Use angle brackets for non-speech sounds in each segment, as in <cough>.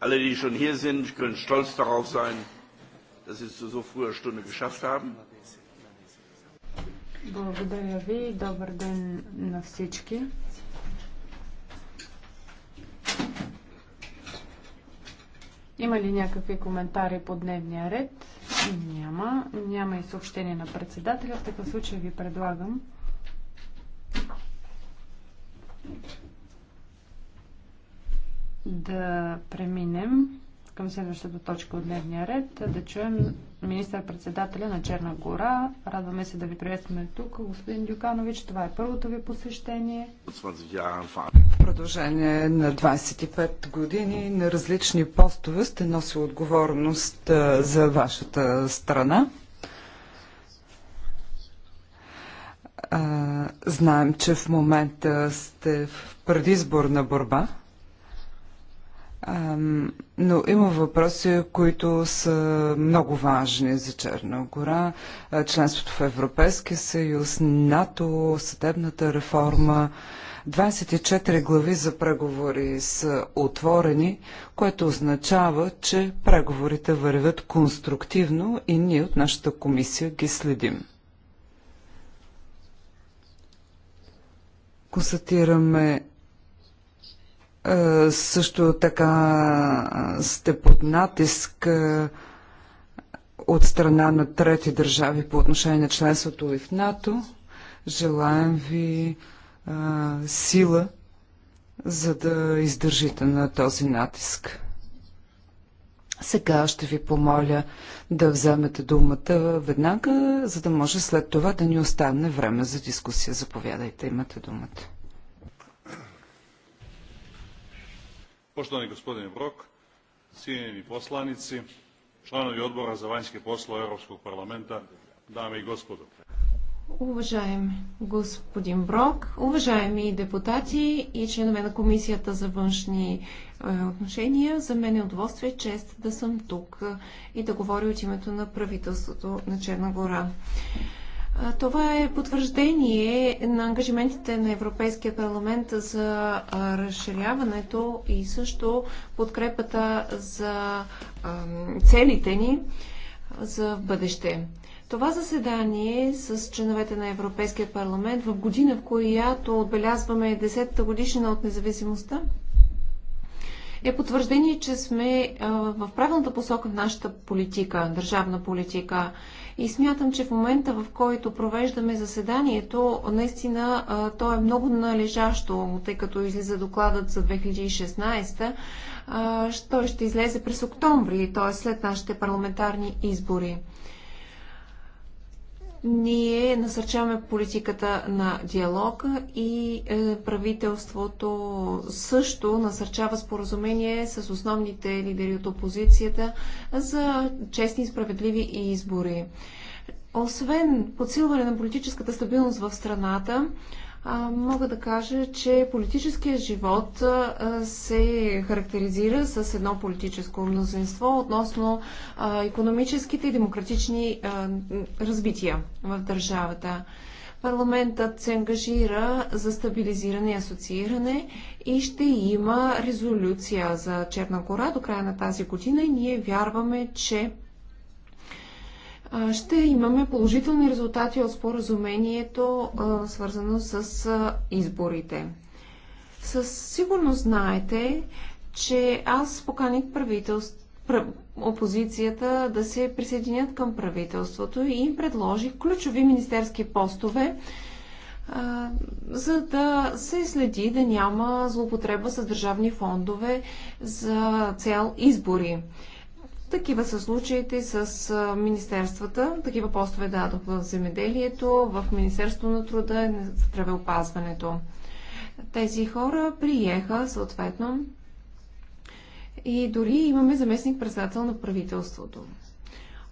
Alle, die schon hier sind, können stolz darauf sein, dass sie es zu so früher Stunde geschafft haben. Има ли някакви коментари по дневния ред? Няма. Няма и съобщение на председателя. В такъв случай ви предлагам да преминем към следващата точка от дневния ред, да чуем министър-председателя на Черна гора. Радваме се да ви приветстваме тук, господин Дюканович. Това е първото ви посещение. В продължение на 25 години на различни постове сте носил отговорност за вашата страна. Знаем, че в момента сте в предизборна борба но има въпроси, които са много важни за Черна гора. Членството в Европейския съюз, НАТО, съдебната реформа. 24 глави за преговори са отворени, което означава, че преговорите вървят конструктивно и ние от нашата комисия ги следим. Констатираме е, също така сте под натиск е, от страна на трети държави по отношение на членството ви в НАТО. Желаем ви а, сила, за да издържите на този натиск. Сега ще ви помоля да вземете думата веднага, за да може след това да ни остане време за дискусия. Заповядайте, имате думата. Poštovani gospodine Brok, cijenjeni poslanici, članovi Odbora za vanjske poslove Europskog parlamenta, dame и gospodo. Уважаем господин Брок, уважаеми депутати и членове на Комисията за външни е, отношения, за мен е удоволствие и чест да съм тук и да говоря от името на правителството на Черна гора. Това е потвърждение на ангажиментите на Европейския парламент за разширяването и също подкрепата за целите ни за бъдеще. Това заседание с членовете на Европейския парламент в година, в която отбелязваме 10-та годишнина от независимостта, е потвърждение, че сме в правилната посока в нашата политика, държавна политика. И смятам, че в момента, в който провеждаме заседанието, наистина то е много належащо, тъй като излиза докладът за 2016. Той ще излезе през октомври, т.е. след нашите парламентарни избори ние насърчаваме политиката на диалог, и е, правителството също насърчава споразумение с основните лидери от опозицията за честни и справедливи избори. Освен подсилване на политическата стабилност в страната, мога да кажа, че политическият живот се характеризира с едно политическо мнозинство относно економическите и демократични разбития в държавата. Парламентът се ангажира за стабилизиране и асоцииране и ще има резолюция за Черна гора до края на тази година и ние вярваме, че ще имаме положителни резултати от споразумението, свързано с изборите. Със сигурност знаете, че аз поканих опозицията да се присъединят към правителството и им предложих ключови министерски постове, за да се следи да няма злоупотреба с държавни фондове за цел избори. Такива са случаите с министерствата. Такива постове дадох в земеделието, в Министерство на труда и здравеопазването. Тези хора приеха съответно и дори имаме заместник-председател на правителството.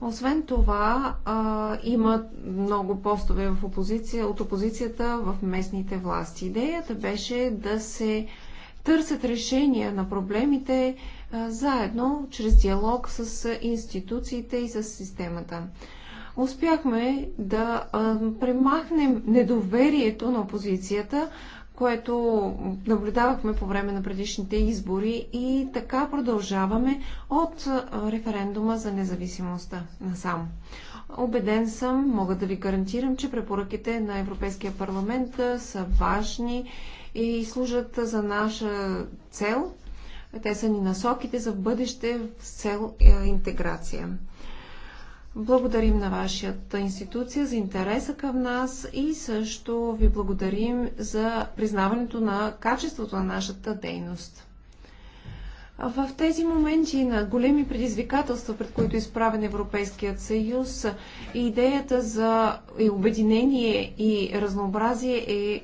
Освен това, а, има много постове в опозиция, от опозицията в местните власти. Идеята беше да се търсят решения на проблемите, заедно, чрез диалог с институциите и с системата. Успяхме да премахнем недоверието на опозицията, което наблюдавахме по време на предишните избори и така продължаваме от референдума за независимостта насам. Обеден съм, мога да ви гарантирам, че препоръките на Европейския парламент са важни и служат за наша цел те са ни насоките за бъдеще в цел е, интеграция. Благодарим на вашата институция за интереса към нас и също ви благодарим за признаването на качеството на нашата дейност. В тези моменти на големи предизвикателства, пред които е изправен Европейският съюз, идеята за обединение и разнообразие е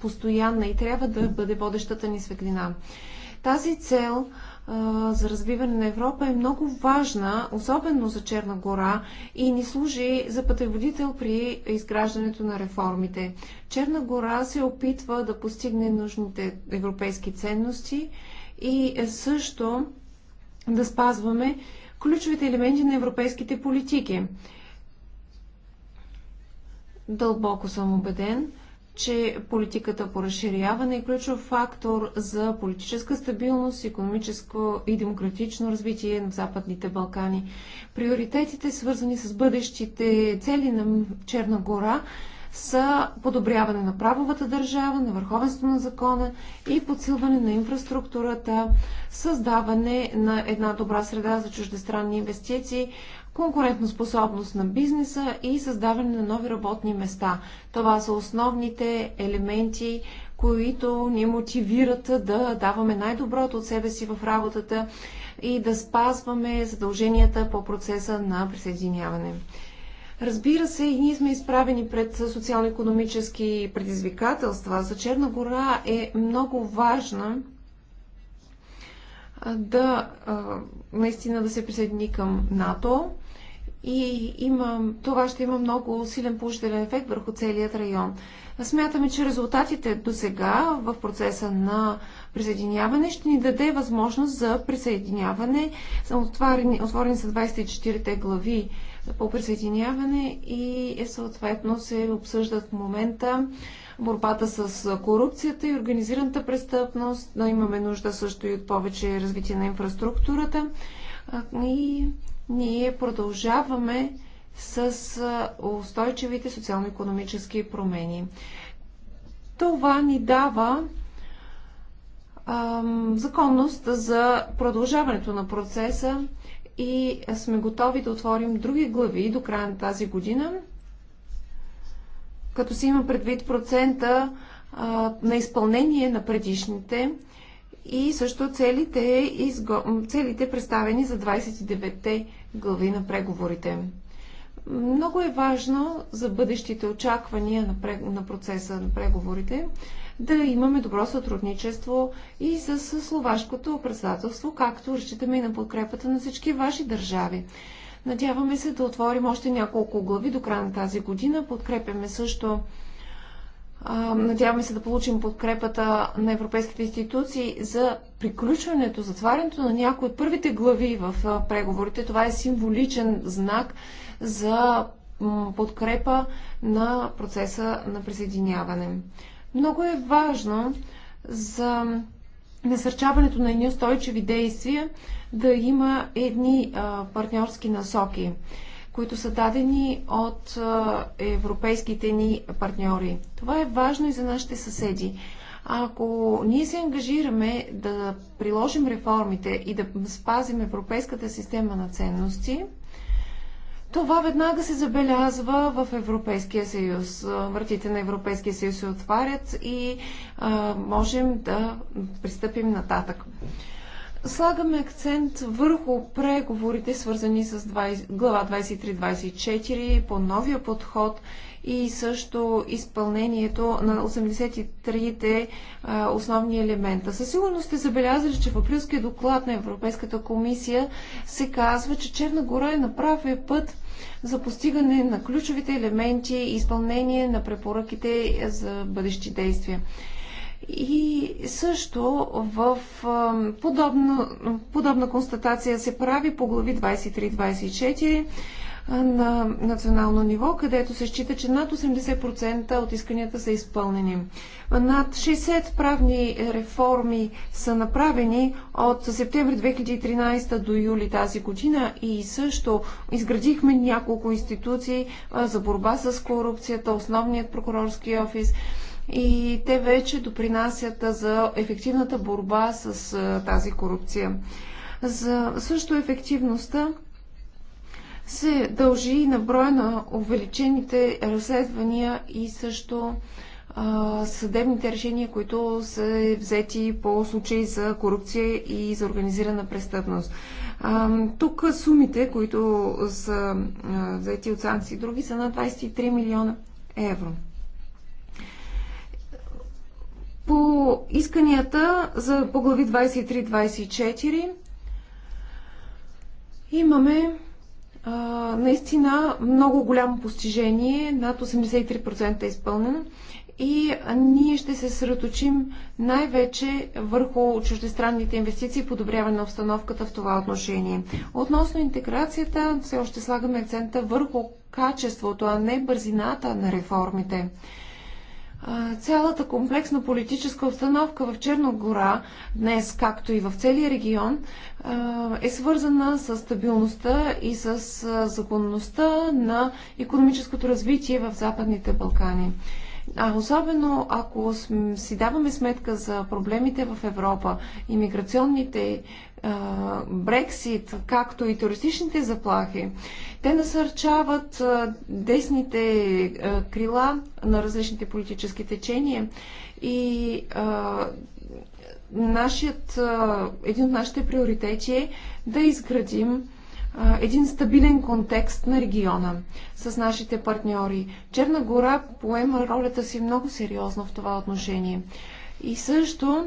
постоянна и трябва да бъде водещата ни светлина. Тази цел за разбиване на Европа е много важна, особено за Черна гора и ни служи за пътеводител при изграждането на реформите. Черна гора се опитва да постигне нужните европейски ценности и също да спазваме ключовите елементи на европейските политики. Дълбоко съм убеден, че политиката по разширяване е ключов фактор за политическа стабилност, економическо и демократично развитие на Западните Балкани. Приоритетите, свързани с бъдещите цели на Черна гора, са подобряване на правовата държава, на върховенство на закона и подсилване на инфраструктурата, създаване на една добра среда за чуждестранни инвестиции, конкурентоспособност на бизнеса и създаване на нови работни места. Това са основните елементи, които ни мотивират да даваме най-доброто от себе си в работата и да спазваме задълженията по процеса на присъединяване. Разбира се, и ние сме изправени пред социално-економически предизвикателства. За Черна гора е много важна да наистина да се присъедини към НАТО и има, това ще има много силен положителен ефект върху целият район. Смятаме, че резултатите до сега в процеса на присъединяване ще ни даде възможност за присъединяване. Отворени, отворени са 24-те глави по присъединяване и е, съответно се обсъждат в момента борбата с корупцията и организираната престъпност. Но имаме нужда също и от повече развитие на инфраструктурата. И ние продължаваме с устойчивите социално-економически промени. Това ни дава ам, законност за продължаването на процеса и сме готови да отворим други глави до края на тази година като се има предвид процента а, на изпълнение на предишните и също целите, изго... целите представени за 29-те глави на преговорите. Много е важно за бъдещите очаквания на, пре... на процеса на преговорите да имаме добро сътрудничество и с словашкото председателство, както разчитаме и на подкрепата на всички ваши държави. Надяваме се да отворим още няколко глави до края на тази година. Подкрепяме също Надяваме се да получим подкрепата на европейските институции за приключването, затварянето на някои от първите глави в преговорите. Това е символичен знак за подкрепа на процеса на присъединяване. Много е важно за насърчаването на едни устойчиви действия да има едни партньорски насоки, които са дадени от европейските ни партньори. Това е важно и за нашите съседи. Ако ние се ангажираме да приложим реформите и да спазим европейската система на ценности, това веднага се забелязва в Европейския съюз. Вратите на Европейския съюз се отварят и а, можем да пристъпим нататък. Слагаме акцент върху преговорите, свързани с 20, глава 23-24 по новия подход и също изпълнението на 83-те основни елемента. Със сигурност сте забелязали, че в априлския доклад на Европейската комисия се казва, че Черна гора е на правия е път за постигане на ключовите елементи и изпълнение на препоръките за бъдещи действия. И също в подобна, подобна констатация се прави по глави 23-24 на национално ниво, където се счита, че над 80% от исканията са изпълнени. Над 60 правни реформи са направени от септември 2013 до юли тази година и също изградихме няколко институции за борба с корупцията, основният прокурорски офис и те вече допринасят за ефективната борба с тази корупция. За също ефективността се дължи и на броя на увеличените разследвания и също а, съдебните решения, които са взети по случаи за корупция и за организирана престъпност. А, тук сумите, които са а, взети от санкции и други, са на 23 милиона евро. По исканията за поглави 23-24 имаме а, наистина много голямо постижение, над 83% е изпълнено и ние ще се средоточим най-вече върху чуждестранните инвестиции и подобряване на обстановката в това отношение. Относно интеграцията, все още слагаме акцента върху качеството, а не бързината на реформите цялата комплексна политическа обстановка в Черногора днес, както и в целия регион, е свързана с стабилността и с законността на економическото развитие в Западните Балкани. А особено ако си даваме сметка за проблемите в Европа, иммиграционните Брексит, както и терористичните заплахи, те насърчават десните крила на различните политически течения и нашият, един от нашите приоритети е да изградим един стабилен контекст на региона с нашите партньори. Черна гора поема ролята си много сериозно в това отношение. И също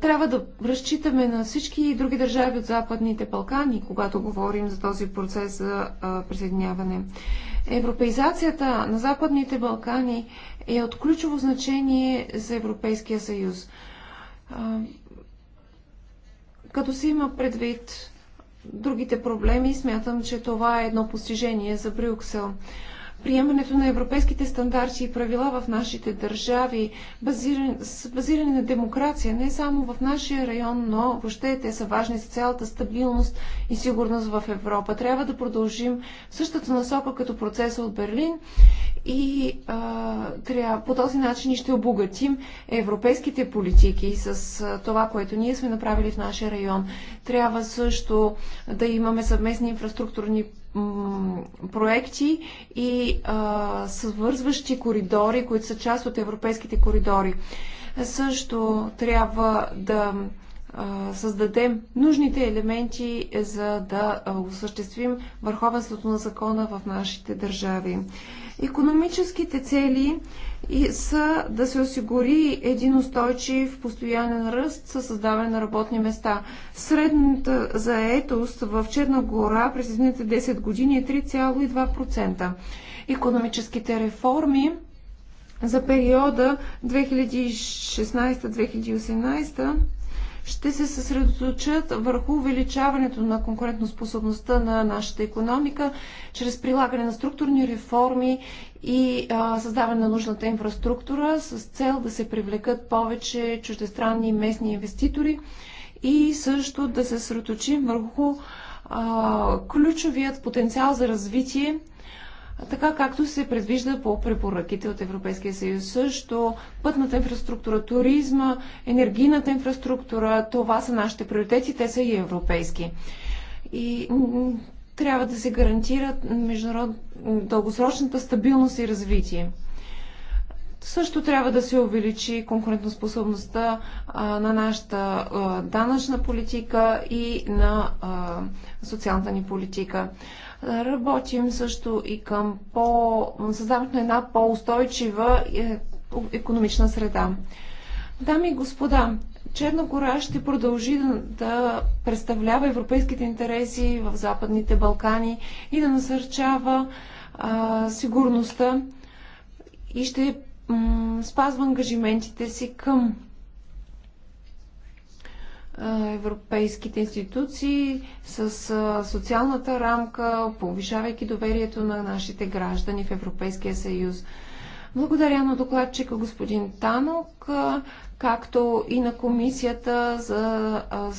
трябва да разчитаме на всички други държави от Западните Балкани, когато говорим за този процес за присъединяване. Европеизацията на Западните Балкани е от ключово значение за Европейския съюз. Като се има предвид другите проблеми, смятам, че това е едно постижение за Брюксел приемането на европейските стандарти и правила в нашите държави, базирани, базирани на демокрация, не само в нашия район, но въобще те са важни за цялата стабилност и сигурност в Европа. Трябва да продължим същата насока като процеса от Берлин и а, трябва, по този начин ще обогатим европейските политики с а, това, което ние сме направили в нашия район. Трябва също да имаме съвместни инфраструктурни проекти и а, свързващи коридори, които са част от европейските коридори. Също трябва да а, създадем нужните елементи, е, за да осъществим върховенството на закона в нашите държави. Економическите цели са да се осигури един устойчив постоянен ръст със създаване на работни места. Средната заетост в Черна гора през изминалите 10 години е 3,2%. Економическите реформи за периода 2016-2018 ще се съсредоточат върху увеличаването на конкурентоспособността на нашата економика чрез прилагане на структурни реформи и а, създаване на нужната инфраструктура с цел да се привлекат повече чуждестранни и местни инвеститори и също да се съсредоточим върху а, ключовият потенциал за развитие така както се предвижда по препоръките от Европейския съюз. Също пътната инфраструктура, туризма, енергийната инфраструктура, това са нашите приоритети, те са и европейски. И трябва да се гарантират международ... дългосрочната стабилност и развитие. Също трябва да се увеличи конкурентоспособността на нашата данъчна политика и на социалната ни политика. Работим също и към по... създаването на една по-устойчива е, економична среда. Дами и господа, Черна гора ще продължи да, да представлява европейските интереси в Западните Балкани и да насърчава а, сигурността и ще м- спазва ангажиментите си към европейските институции с социалната рамка, повишавайки доверието на нашите граждани в Европейския съюз. Благодаря на докладчика господин Танок, както и на комисията за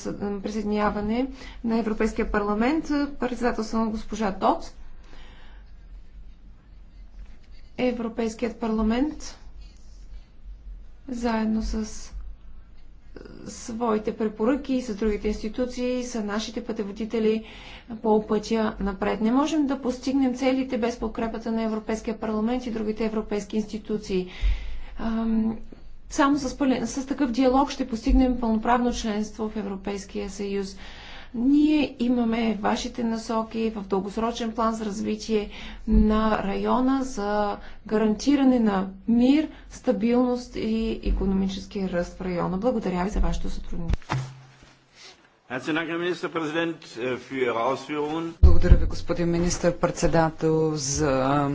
присъединяване на Европейския парламент, председателство на госпожа Тот. Европейският парламент заедно с своите препоръки с другите институции, са нашите пътеводители по пътя напред. Не можем да постигнем целите без подкрепата на Европейския парламент и другите европейски институции. Само с, пълен, с такъв диалог ще постигнем пълноправно членство в Европейския съюз. Ние имаме вашите насоки в дългосрочен план за развитие на района за гарантиране на мир, стабилност и економически ръст в района. Благодаря ви за вашето сътрудничество. Äh, Благодаря ви, господин министър-председател, за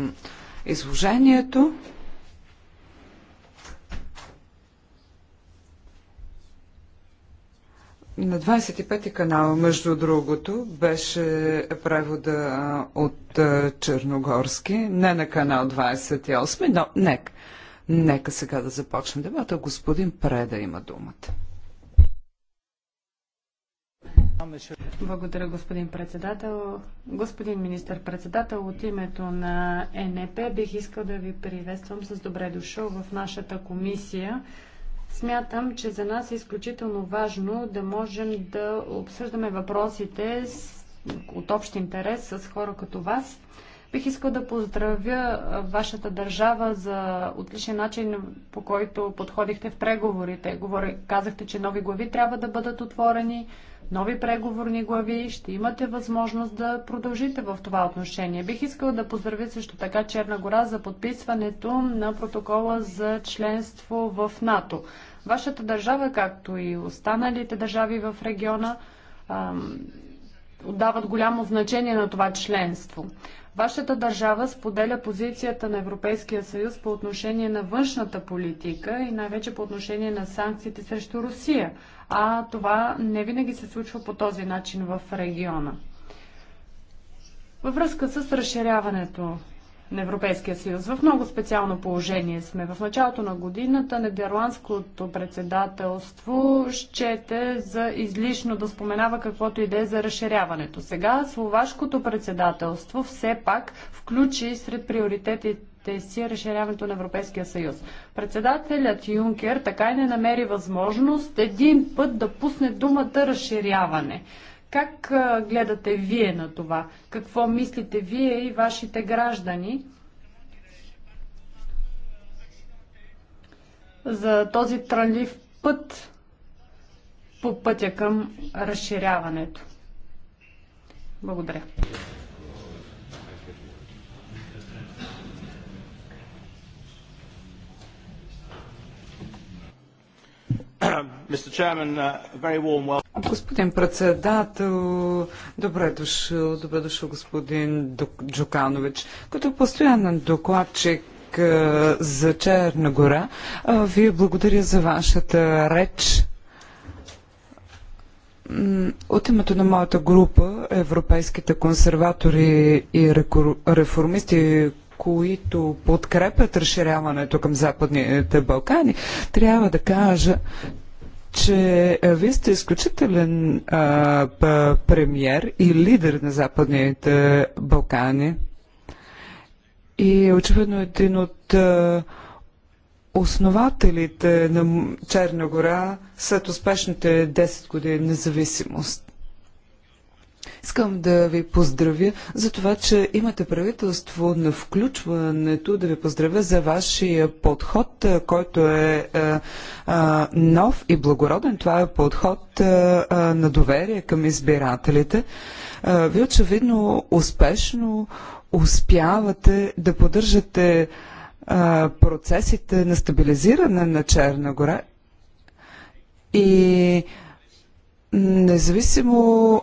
изложението. На 25-ти канал, между другото, беше превода от Черногорски, не на канал 28, но нека. Нека сега да започнем дебата. Господин Преда има думата. Благодаря, господин председател. Господин министър-председател, от името на ЕНП бих искал да ви приветствам с добре дошъл в нашата комисия Смятам, че за нас е изключително важно да можем да обсъждаме въпросите от общ интерес с хора като вас. Бих искал да поздравя вашата държава за отличен начин, по който подходихте в преговорите. Говори, казахте, че нови глави трябва да бъдат отворени, нови преговорни глави, ще имате възможност да продължите в това отношение. Бих искала да поздравя също така Черна гора за подписването на протокола за членство в НАТО. Вашата държава, както и останалите държави в региона, отдават голямо значение на това членство. Вашата държава споделя позицията на Европейския съюз по отношение на външната политика и най-вече по отношение на санкциите срещу Русия а това не винаги се случва по този начин в региона. Във връзка с разширяването на Европейския съюз. В много специално положение сме. В началото на годината нидерландското председателство щете за излишно да споменава каквото идея за разширяването. Сега словашкото председателство все пак включи сред приоритетите си разширяването на Европейския съюз. Председателят Юнкер така и не намери възможност един път да пусне думата разширяване. Как гледате вие на това? Какво мислите вие и вашите граждани? за този транлив път по пътя към разширяването. Благодаря. <clears throat> Uh, господин председател, добре дошъл, добре дошъл господин Джуканович. Като постоянен докладчик за Черна гора, ви благодаря за вашата реч. От името на моята група, европейските консерватори и реформисти, които подкрепят разширяването към Западните Балкани, трябва да кажа, че е, вие сте изключителен а, премьер и лидер на Западните Балкани. И очевидно един от а, основателите на Черна гора след успешните 10 години независимост. Искам да ви поздравя за това, че имате правителство на включването, да ви поздравя за вашия подход, който е нов и благороден. Това е подход на доверие към избирателите. Вие ви очевидно успешно успявате да поддържате процесите на стабилизиране на Черна гора и независимо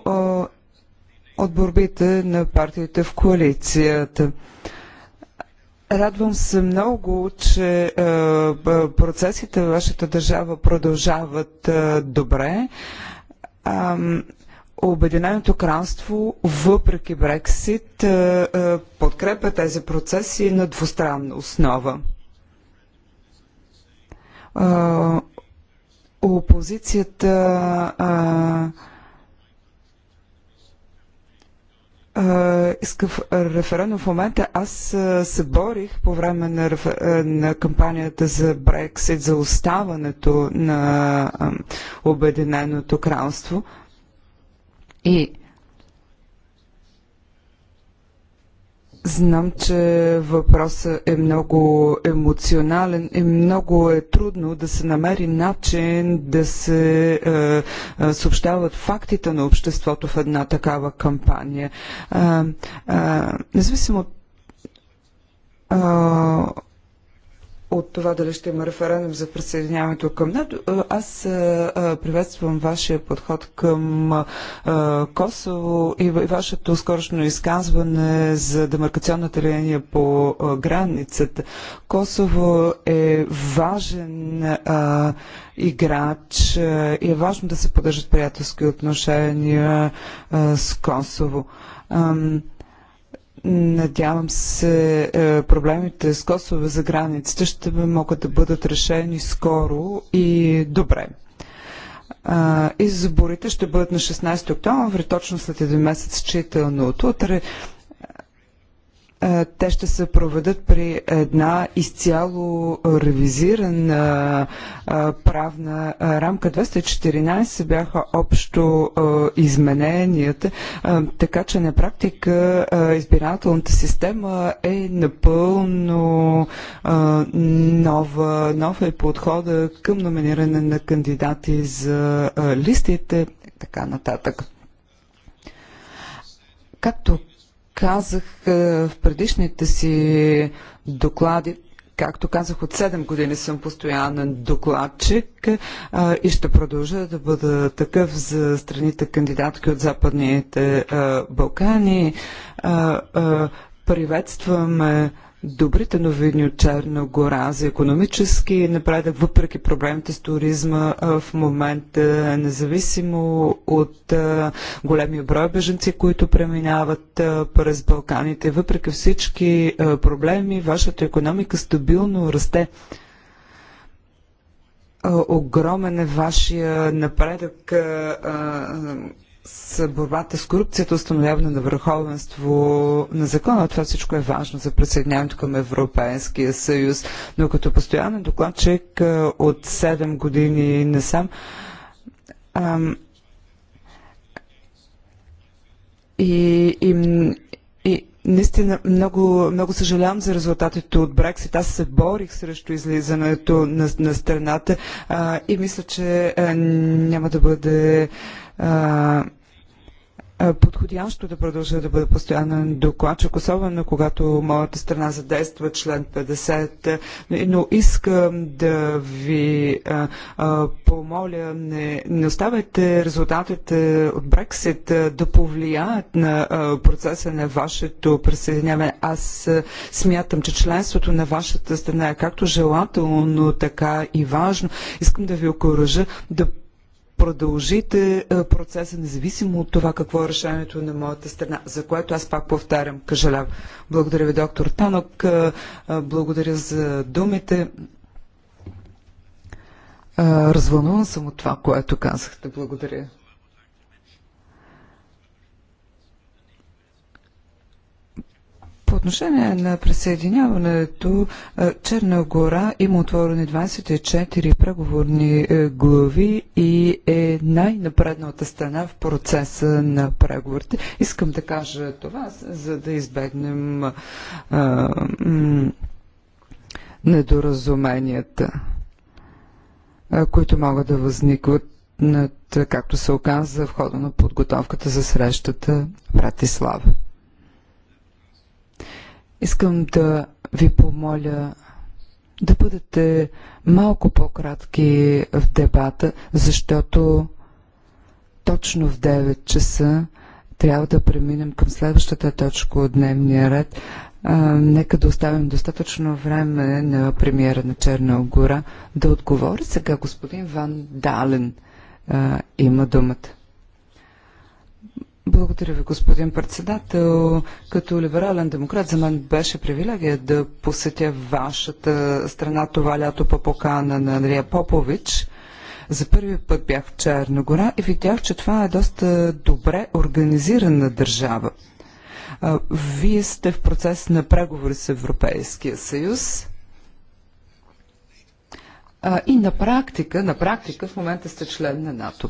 от борбите на партиите в коалицията. Радвам се много, че е, процесите в вашата държава продължават е, добре. Обединеното кралство, въпреки Брексит, е, подкрепя тези процеси на двустранна основа. Опозицията референдум. В момента аз се борих по време на, на кампанията за Брексит, за оставането на Обединеното кралство. И Знам, че въпросът е много емоционален и много е трудно да се намери начин да се е, е, съобщават фактите на обществото в една такава кампания. Е, е независимо от е, от това дали ще има референдум за присъединяването към НАТО. Е, аз е, е, приветствам вашия подход към Косово и вашето скорошно изказване за демаркационната линия по границата. Косово е важен играч и е важно да се поддържат приятелски отношения с Косово. Надявам се, е, проблемите с Косово за границата ще могат да бъдат решени скоро и добре. Изборите ще бъдат на 16 октомври, точно след един месец, считано от утре. Е, те ще се проведат при една изцяло ревизирана е, правна е, рамка. 214 бяха общо измененията, така че на практика избирателната система е напълно нова, нова е подхода към номиниране на кандидати за листите, така нататък. Както казах е, в предишните си доклади, както казах, от 7 години съм постоянен докладчик е, и ще продължа да бъда такъв за страните кандидатки от Западните е, Балкани. приветстваме добрите новини от Черна гора за економически напредък, въпреки проблемите с туризма в момента, е, независимо от големия брой беженци, които преминават през Балканите, въпреки всички проблеми, вашата економика стабилно расте огромен е вашия напредък с борбата с корупцията, установяване на върховенство на закона. Това всичко е важно за присъединяването към Европейския съюз. Но като постоянен докладчик от 7 години насам, ам, и, и, и наистина много, много съжалявам за резултатите от Брексит. Аз се борих срещу излизането на, на страната а, и мисля, че а, няма да бъде а, подходящо да продължа да бъда постоянен докладчик, особено когато моята страна задейства член 50, но искам да ви а, а, помоля, не, не оставайте резултатите от Брексит да повлияят на а, процеса на вашето присъединяване. Аз смятам, че членството на вашата страна е както желателно, така и важно. Искам да ви окоръжа да продължите е, процеса, независимо от това какво е решението на моята страна, за което аз пак повтарям, кажалям. Благодаря ви, доктор Танок, е, е, благодаря за думите. Развълнуван съм от това, което казахте. Благодаря. отношение на присъединяването, е, Черна гора има отворени 24 преговорни е, глави и е най-напредната страна в процеса на преговорите. Искам да кажа това, за да избегнем а, е, недоразуменията, а, които могат да възникват над, както се оказа в хода на подготовката за срещата в Братислава. Искам да ви помоля да бъдете малко по-кратки в дебата, защото точно в 9 часа трябва да преминем към следващата точка от дневния ред. А, нека да оставим достатъчно време на премиера на Черна гора да отговори. Сега господин Ван Дален а, има думата. Благодаря ви, господин председател. Като либерален демократ за мен беше привилегия да посетя вашата страна това лято по покана на Андрия Попович. За първи път бях в Черна гора и видях, че това е доста добре организирана държава. Вие сте в процес на преговори с Европейския съюз а, и на практика, на практика в момента сте член на НАТО.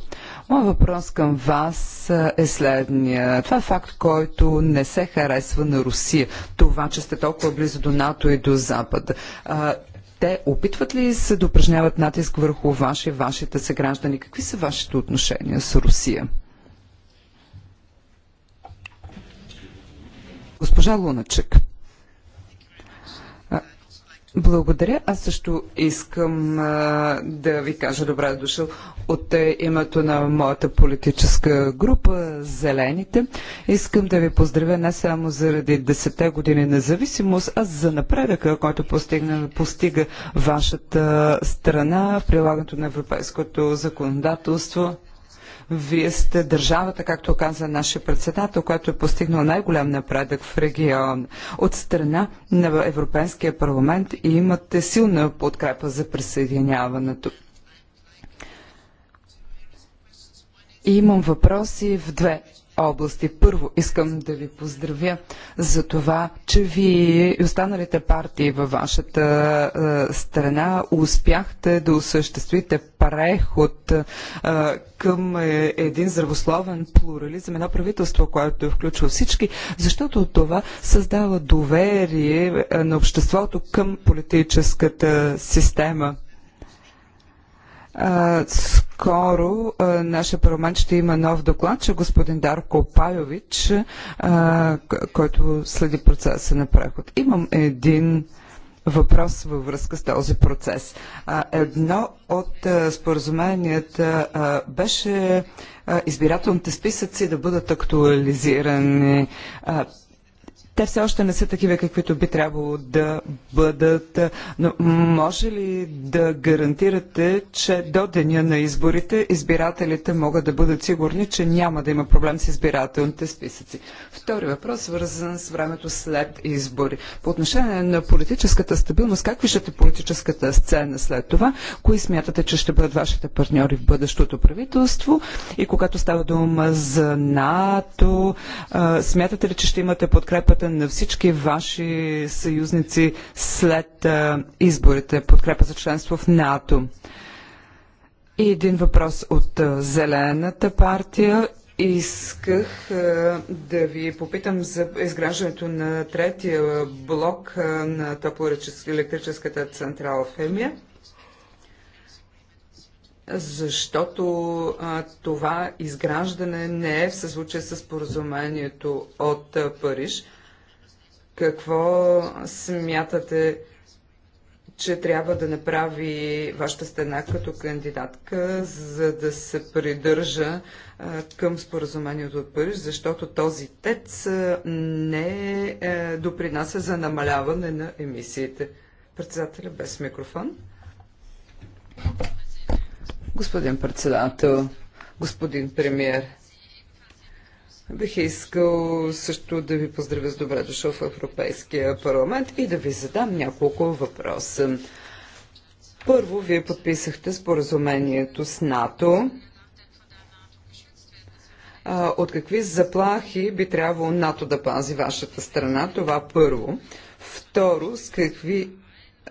Моят въпрос към вас е следния. Това е факт, който не се харесва на Русия. Това, че сте толкова близо до НАТО и до Запада. А, те опитват ли се да упражняват натиск върху ваши, вашите съграждани? Какви са вашите отношения с Русия? Госпожа Луначек. Благодаря. Аз също искам а, да ви кажа добре дошъл от е, името на моята политическа група Зелените. Искам да ви поздравя не само заради 10-те години независимост, а за напредъка, който постигна, постига вашата страна в прилагането на европейското законодателство. Вие сте държавата, както каза нашия председател, която е постигнала най-голям напредък в регион. От страна на Европейския парламент и имате силна подкрепа за присъединяването. И имам въпроси в две области. Първо, искам да ви поздравя за това, че вие и останалите партии във вашата страна успяхте да осъществите преход към е, един здравословен плурализъм, едно правителство, което е включва всички, защото това създава доверие на обществото към политическата система скоро нашия парламент ще има нов доклад, че господин Дарко Пайович, който следи процеса на преход. Имам един въпрос във връзка с този процес. Едно от споразуменията беше избирателните списъци да бъдат актуализирани. Те все още не са такива, каквито би трябвало да бъдат. Но може ли да гарантирате, че до деня на изборите избирателите могат да бъдат сигурни, че няма да има проблем с избирателните списъци? Втори въпрос, свързан с времето след избори. По отношение на политическата стабилност, как виждате политическата сцена след това? Кои смятате, че ще бъдат вашите партньори в бъдещото правителство? И когато става дума за НАТО, смятате ли, че ще имате подкрепата подкрепата на всички ваши съюзници след изборите, подкрепа за членство в НАТО. И един въпрос от Зелената партия. Исках да ви попитам за изграждането на третия блок на топлоелектрическата централа в Емия защото а, това изграждане не е в съзвучие с поразумението от а, Париж. Какво смятате, че трябва да направи вашата стена като кандидатка, за да се придържа към споразумението от Париж, защото този ТЕЦ не е, допринася за намаляване на емисиите. Председателя без микрофон. Господин председател, господин премьер, Бих искал също да ви поздравя с добре дошъл в Европейския парламент и да ви задам няколко въпроса. Първо, вие подписахте споразумението с НАТО. От какви заплахи би трябвало НАТО да пази вашата страна? Това първо. Второ, с какви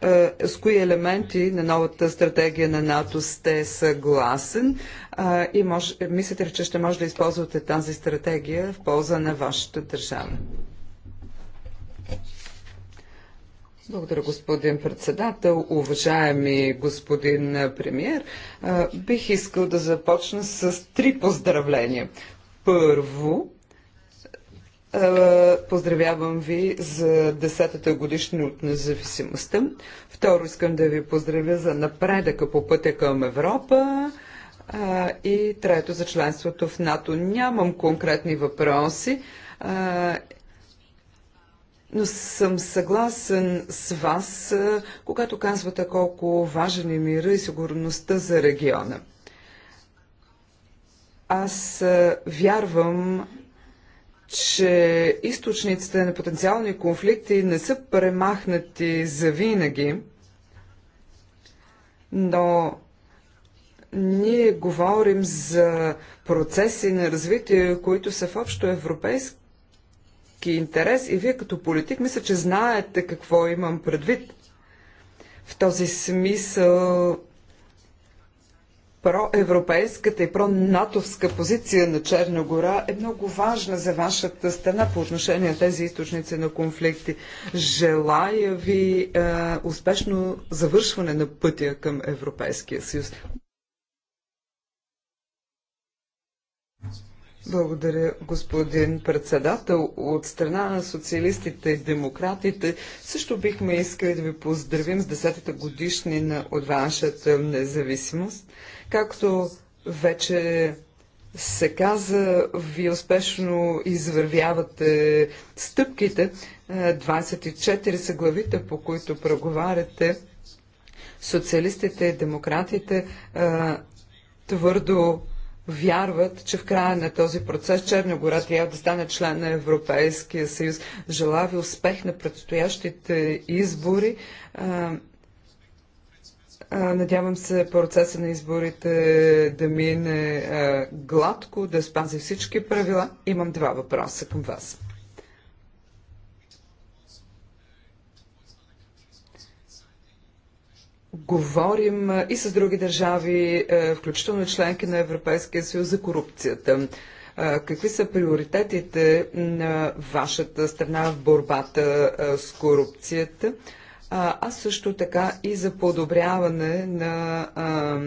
е, с кои елементи на новата стратегия на НАТО сте съгласен е, и може, мислите ли, че ще може да използвате тази стратегия в полза на вашата държава? Благодаря, господин председател. Уважаеми господин премьер, е, бих искал да започна с три поздравления. Първо, е, поздравявам ви за 10-та годишна от независимостта. Второ, искам да ви поздравя за напредъка по пътя към Европа. Е, и трето, за членството в НАТО. Нямам конкретни въпроси, е, но съм съгласен с вас, когато казвате колко важен е мира и сигурността за региона. Аз вярвам че източниците на потенциални конфликти не са премахнати за винаги, но ние говорим за процеси на развитие, които са в общо европейски интерес и вие като политик мисля, че знаете какво имам предвид. В този смисъл проевропейската и пронатовска позиция на Черна гора е много важна за вашата страна по отношение на тези източници на конфликти. Желая ви е, успешно завършване на пътя към Европейския съюз. Благодаря, господин председател. От страна на социалистите и демократите също бихме искали да ви поздравим с 10-та годишнина от вашата независимост. Както вече се каза, вие успешно извървявате стъпките. 24 е, са главите, по които преговаряте. Социалистите и демократите а, е, твърдо вярват, че в края на този процес Черна гора трябва да стане член на Европейския съюз. Желая ви успех на предстоящите избори. А, е, Надявам се процеса на изборите да мине гладко, да спази всички правила. Имам два въпроса към вас. Говорим и с други държави, включително членки на Европейския съюз за корупцията. Какви са приоритетите на вашата страна в борбата с корупцията? а също така и за подобряване на а,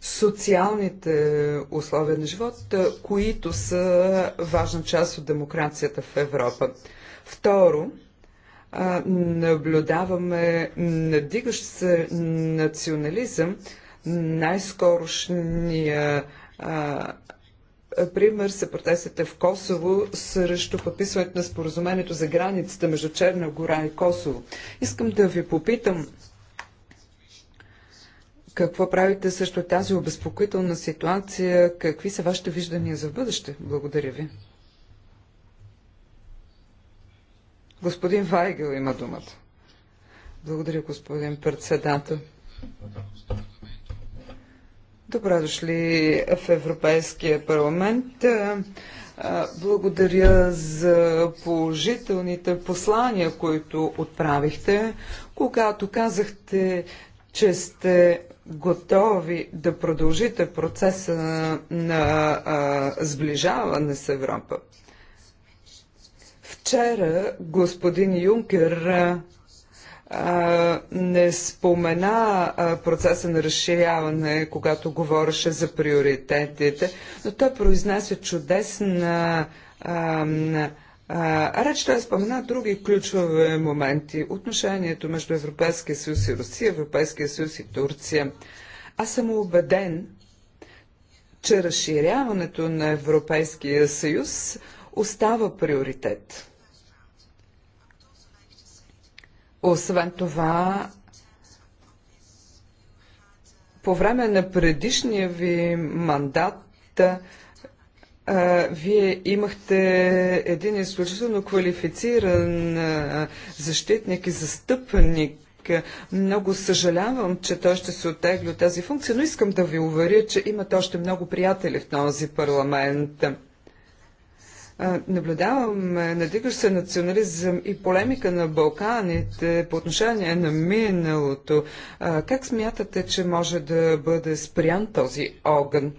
социалните условия на живот, които са важна част от демокрацията в Европа. Второ, а, наблюдаваме надигащ се национализъм, най-скорошния е, пример са протестите в Косово срещу подписването на споразумението за границата между Черна гора и Косово. Искам да ви попитам, какво правите също тази обезпокоителна ситуация? Какви са вашите виждания за бъдеще? Благодаря ви. Господин Вайгел има думата. Благодаря, господин председател. Добре дошли в Европейския парламент. Благодаря за положителните послания, които отправихте, когато казахте, че сте готови да продължите процеса на сближаване с Европа. Вчера господин Юнкер не спомена процеса на разширяване, когато говореше за приоритетите, но той произнася чудесна реч. Той спомена други ключови моменти. Отношението между Европейския съюз и Русия, Европейския съюз и Турция. Аз съм убеден, че разширяването на Европейския съюз остава приоритет. Освен това, по време на предишния ви мандат вие имахте един изключително квалифициран защитник и застъпник. Много съжалявам, че той ще се оттегли от тази функция, но искам да ви уверя, че имате още много приятели в този парламент. Наблюдавам надигащ се национализъм и полемика на Балканите по отношение на миналото. Как смятате, че може да бъде спрян този огън?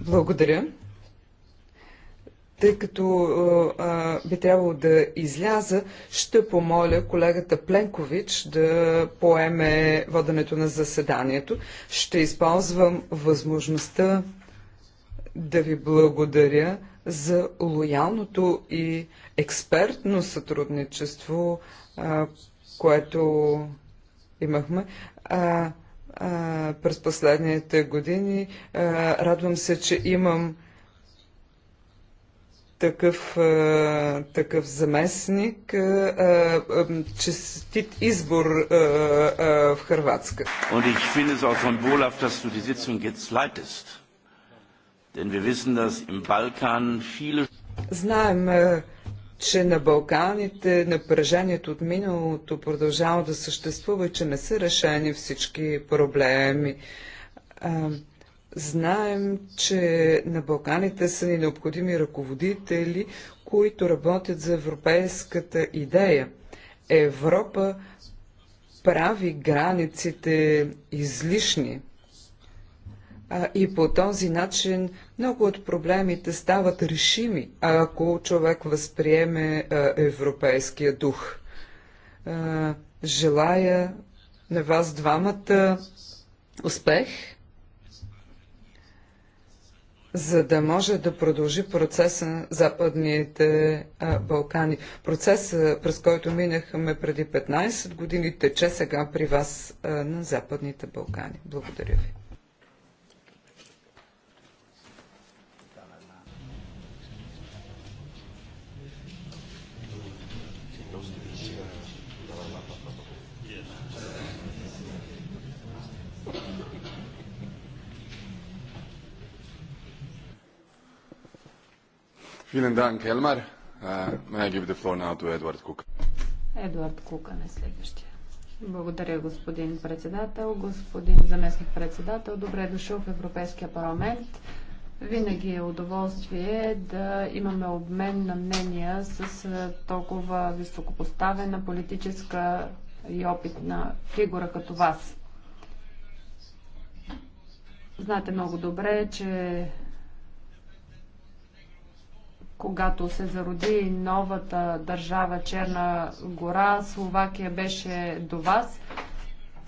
Благодаря. Тъй като а, би трябвало да изляза, ще помоля колегата Пленкович да поеме воденето на заседанието. Ще използвам възможността да ви благодаря за лоялното и експертно сътрудничество, а, което имахме. А, а, през последните години а, радвам се, че имам такъв, а, такъв заместник, а, а, честит избор а, а, в Хрватска. И ich finde es auch symbolhaft, dass du Denn wir wissen, dass im Balkan viele... Знаем, е, че на Балканите напрежението от миналото продължава да съществува и че не са решени всички проблеми. Е, знаем, че на Балканите са ни необходими ръководители, които работят за европейската идея. Европа прави границите излишни. А, и по този начин много от проблемите стават решими, ако човек възприеме а, европейския дух. А, желая на вас двамата успех, за да може да продължи процеса на Западните а, Балкани. Процесът, през който минахме преди 15 години, тече сега при вас а, на Западните Балкани. Благодаря ви. Vielen Dank, Elmar. Äh, I give the floor now to Едуард Кук. Едуард Кукан е следващия. Благодаря, господин председател, господин заместник председател. Добре е дошъл в Европейския парламент. Винаги е удоволствие да имаме обмен на мнения с е, толкова високопоставена политическа и опитна фигура като вас. Знаете много добре, че когато се зароди новата държава Черна гора, Словакия беше до вас.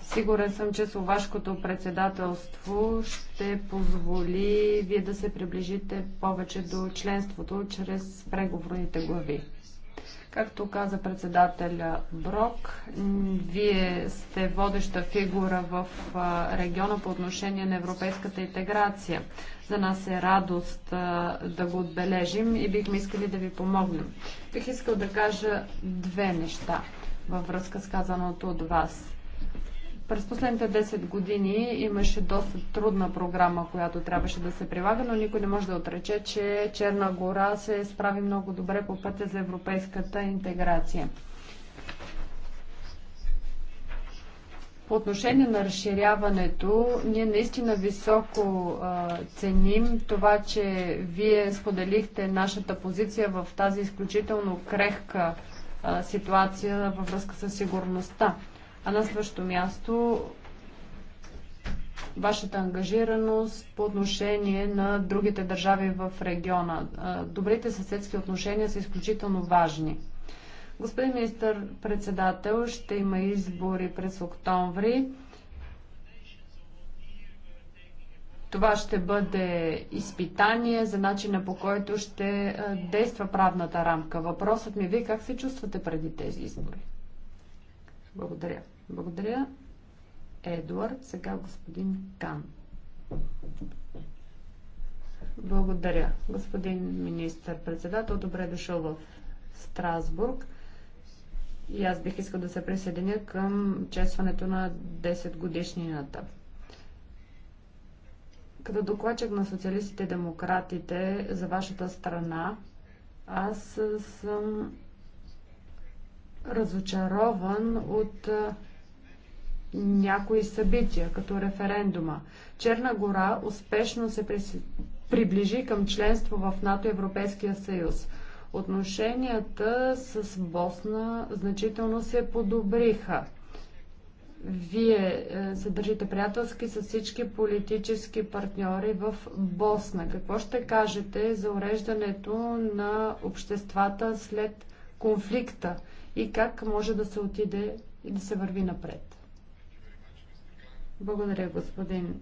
Сигурен съм, че словашкото председателство ще позволи вие да се приближите повече до членството чрез преговорните глави. Както каза председателя Брок, вие сте водеща фигура в региона по отношение на европейската интеграция. За нас е радост да го отбележим и бихме искали да ви помогнем. Бих искал да кажа две неща във връзка с казаното от вас. През последните 10 години имаше доста трудна програма, която трябваше да се прилага, но никой не може да отрече, че Черна гора се справи много добре по пътя за европейската интеграция. По отношение на разширяването, ние наистина високо а, ценим това, че вие споделихте нашата позиция в тази изключително крехка а, ситуация във връзка с сигурността. А на същото място вашата ангажираност по отношение на другите държави в региона. Добрите съседски отношения са изключително важни. Господин министър-председател, ще има избори през октомври. Това ще бъде изпитание за начина по който ще действа правната рамка. Въпросът ми е вие как се чувствате преди тези избори? Благодаря. Благодаря, Едуард. Сега господин Кан. Благодаря, господин министър-председател. Добре дошъл в Страсбург. И аз бих искал да се присъединя към честването на 10 годишнината. Като докладчик на социалистите и демократите за вашата страна, аз съм разочарован от някои събития, като референдума. Черна гора успешно се приближи към членство в НАТО и Европейския съюз. Отношенията с Босна значително се подобриха. Вие е, се държите приятелски с всички политически партньори в Босна. Какво ще кажете за уреждането на обществата след конфликта и как може да се отиде и да се върви напред? Благодаря, господин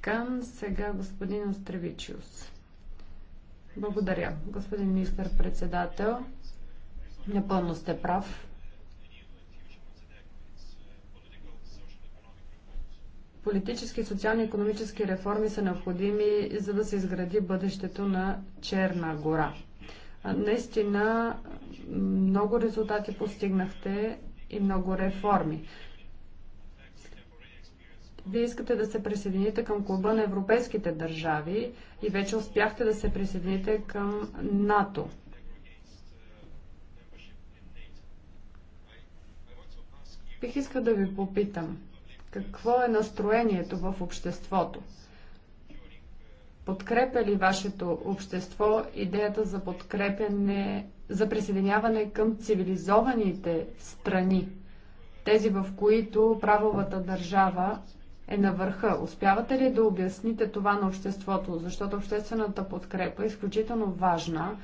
Кан. Сега господин Остревичиус. Благодаря, господин министър-председател. Напълно сте прав. Политически, социални и економически реформи са необходими, за да се изгради бъдещето на Черна гора. Наистина много резултати постигнахте и много реформи. Вие искате да се присъедините към клуба на европейските държави и вече успяхте да се присъедините към НАТО. Бих искал да ви попитам, какво е настроението в обществото? Подкрепя ли вашето общество идеята за подкрепяне, за присъединяване към цивилизованите страни, тези в които правовата държава е на върха. Успявате ли да обясните това на обществото? Защото обществената подкрепа е изключително важна.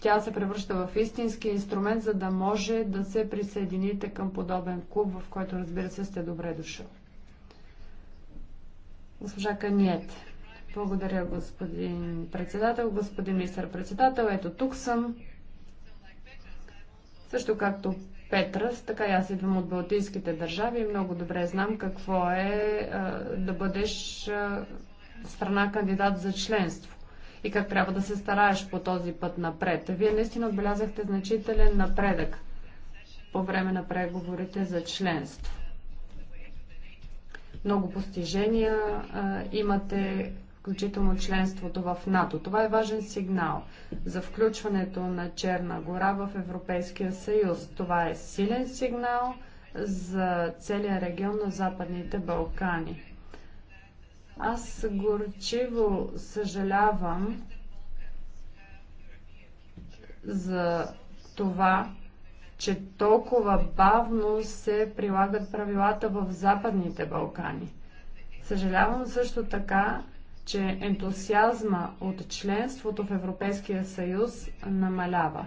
Тя се превръща в истински инструмент, за да може да се присъедините към подобен клуб, в който, разбира се, сте добре дошъл. Госпожа Каниет. Благодаря, господин председател. Господин министър председател, ето тук съм. Също както Петрас, така и аз идвам от Балтийските държави и много добре знам какво е а, да бъдеш а, страна кандидат за членство и как трябва да се стараеш по този път напред. Вие наистина отбелязахте значителен напредък по време на преговорите за членство. Много постижения а, имате включително членството в НАТО. Това е важен сигнал за включването на Черна гора в Европейския съюз. Това е силен сигнал за целия регион на Западните Балкани. Аз горчиво съжалявам за това, че толкова бавно се прилагат правилата в Западните Балкани. Съжалявам също така, че ентусиазма от членството в Европейския съюз намалява.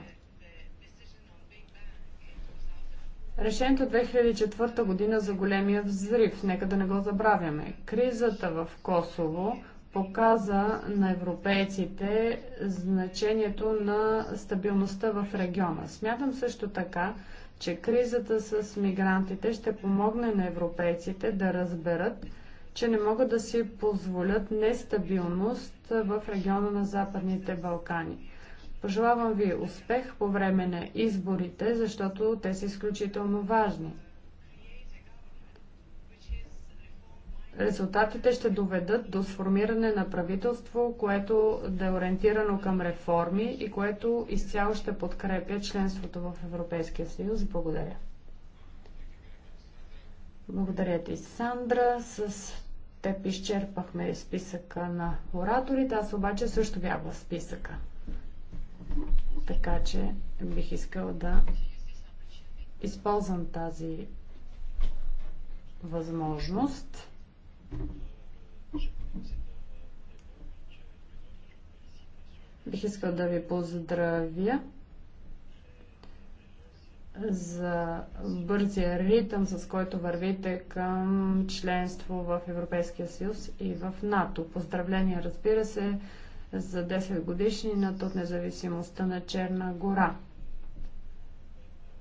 Решението 2004 година за големия взрив, нека да не го забравяме. Кризата в Косово показа на европейците значението на стабилността в региона. Смятам също така, че кризата с мигрантите ще помогне на европейците да разберат, че не могат да си позволят нестабилност в региона на Западните Балкани. Пожелавам ви успех по време на изборите, защото те са изключително важни. Резултатите ще доведат до сформиране на правителство, което да е ориентирано към реформи и което изцяло ще подкрепя членството в Европейския съюз. Благодаря. Благодаря ти, Сандра. С теб изчерпахме списъка на ораторите, аз обаче също бях в списъка. Така че бих искал да използвам тази възможност. Бих искал да ви поздравя за бързия ритъм, с който вървите към членство в Европейския съюз и в НАТО. Поздравления, разбира се, за 10 годишнината от независимостта на Черна гора.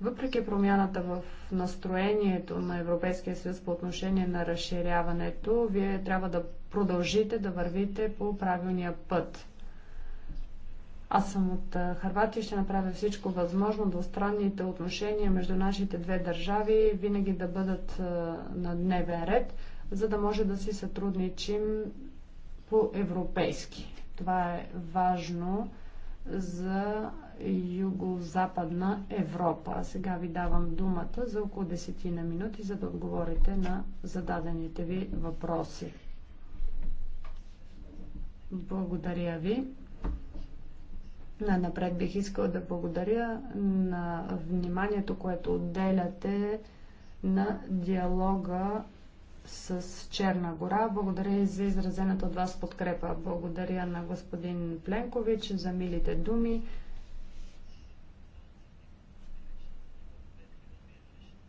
Въпреки промяната в настроението на Европейския съюз по отношение на разширяването, вие трябва да продължите да вървите по правилния път. Аз съм от Харватия, ще направя всичко възможно двустранните отношения между нашите две държави винаги да бъдат на дневен ред, за да може да си сътрудничим по-европейски. Това е важно за юго-западна Европа. А сега ви давам думата за около 10 на минути, за да отговорите на зададените ви въпроси. Благодаря ви. Най-напред бих искала да благодаря на вниманието, което отделяте на диалога с Черна гора. Благодаря и за изразената от вас подкрепа. Благодаря на господин Пленкович за милите думи.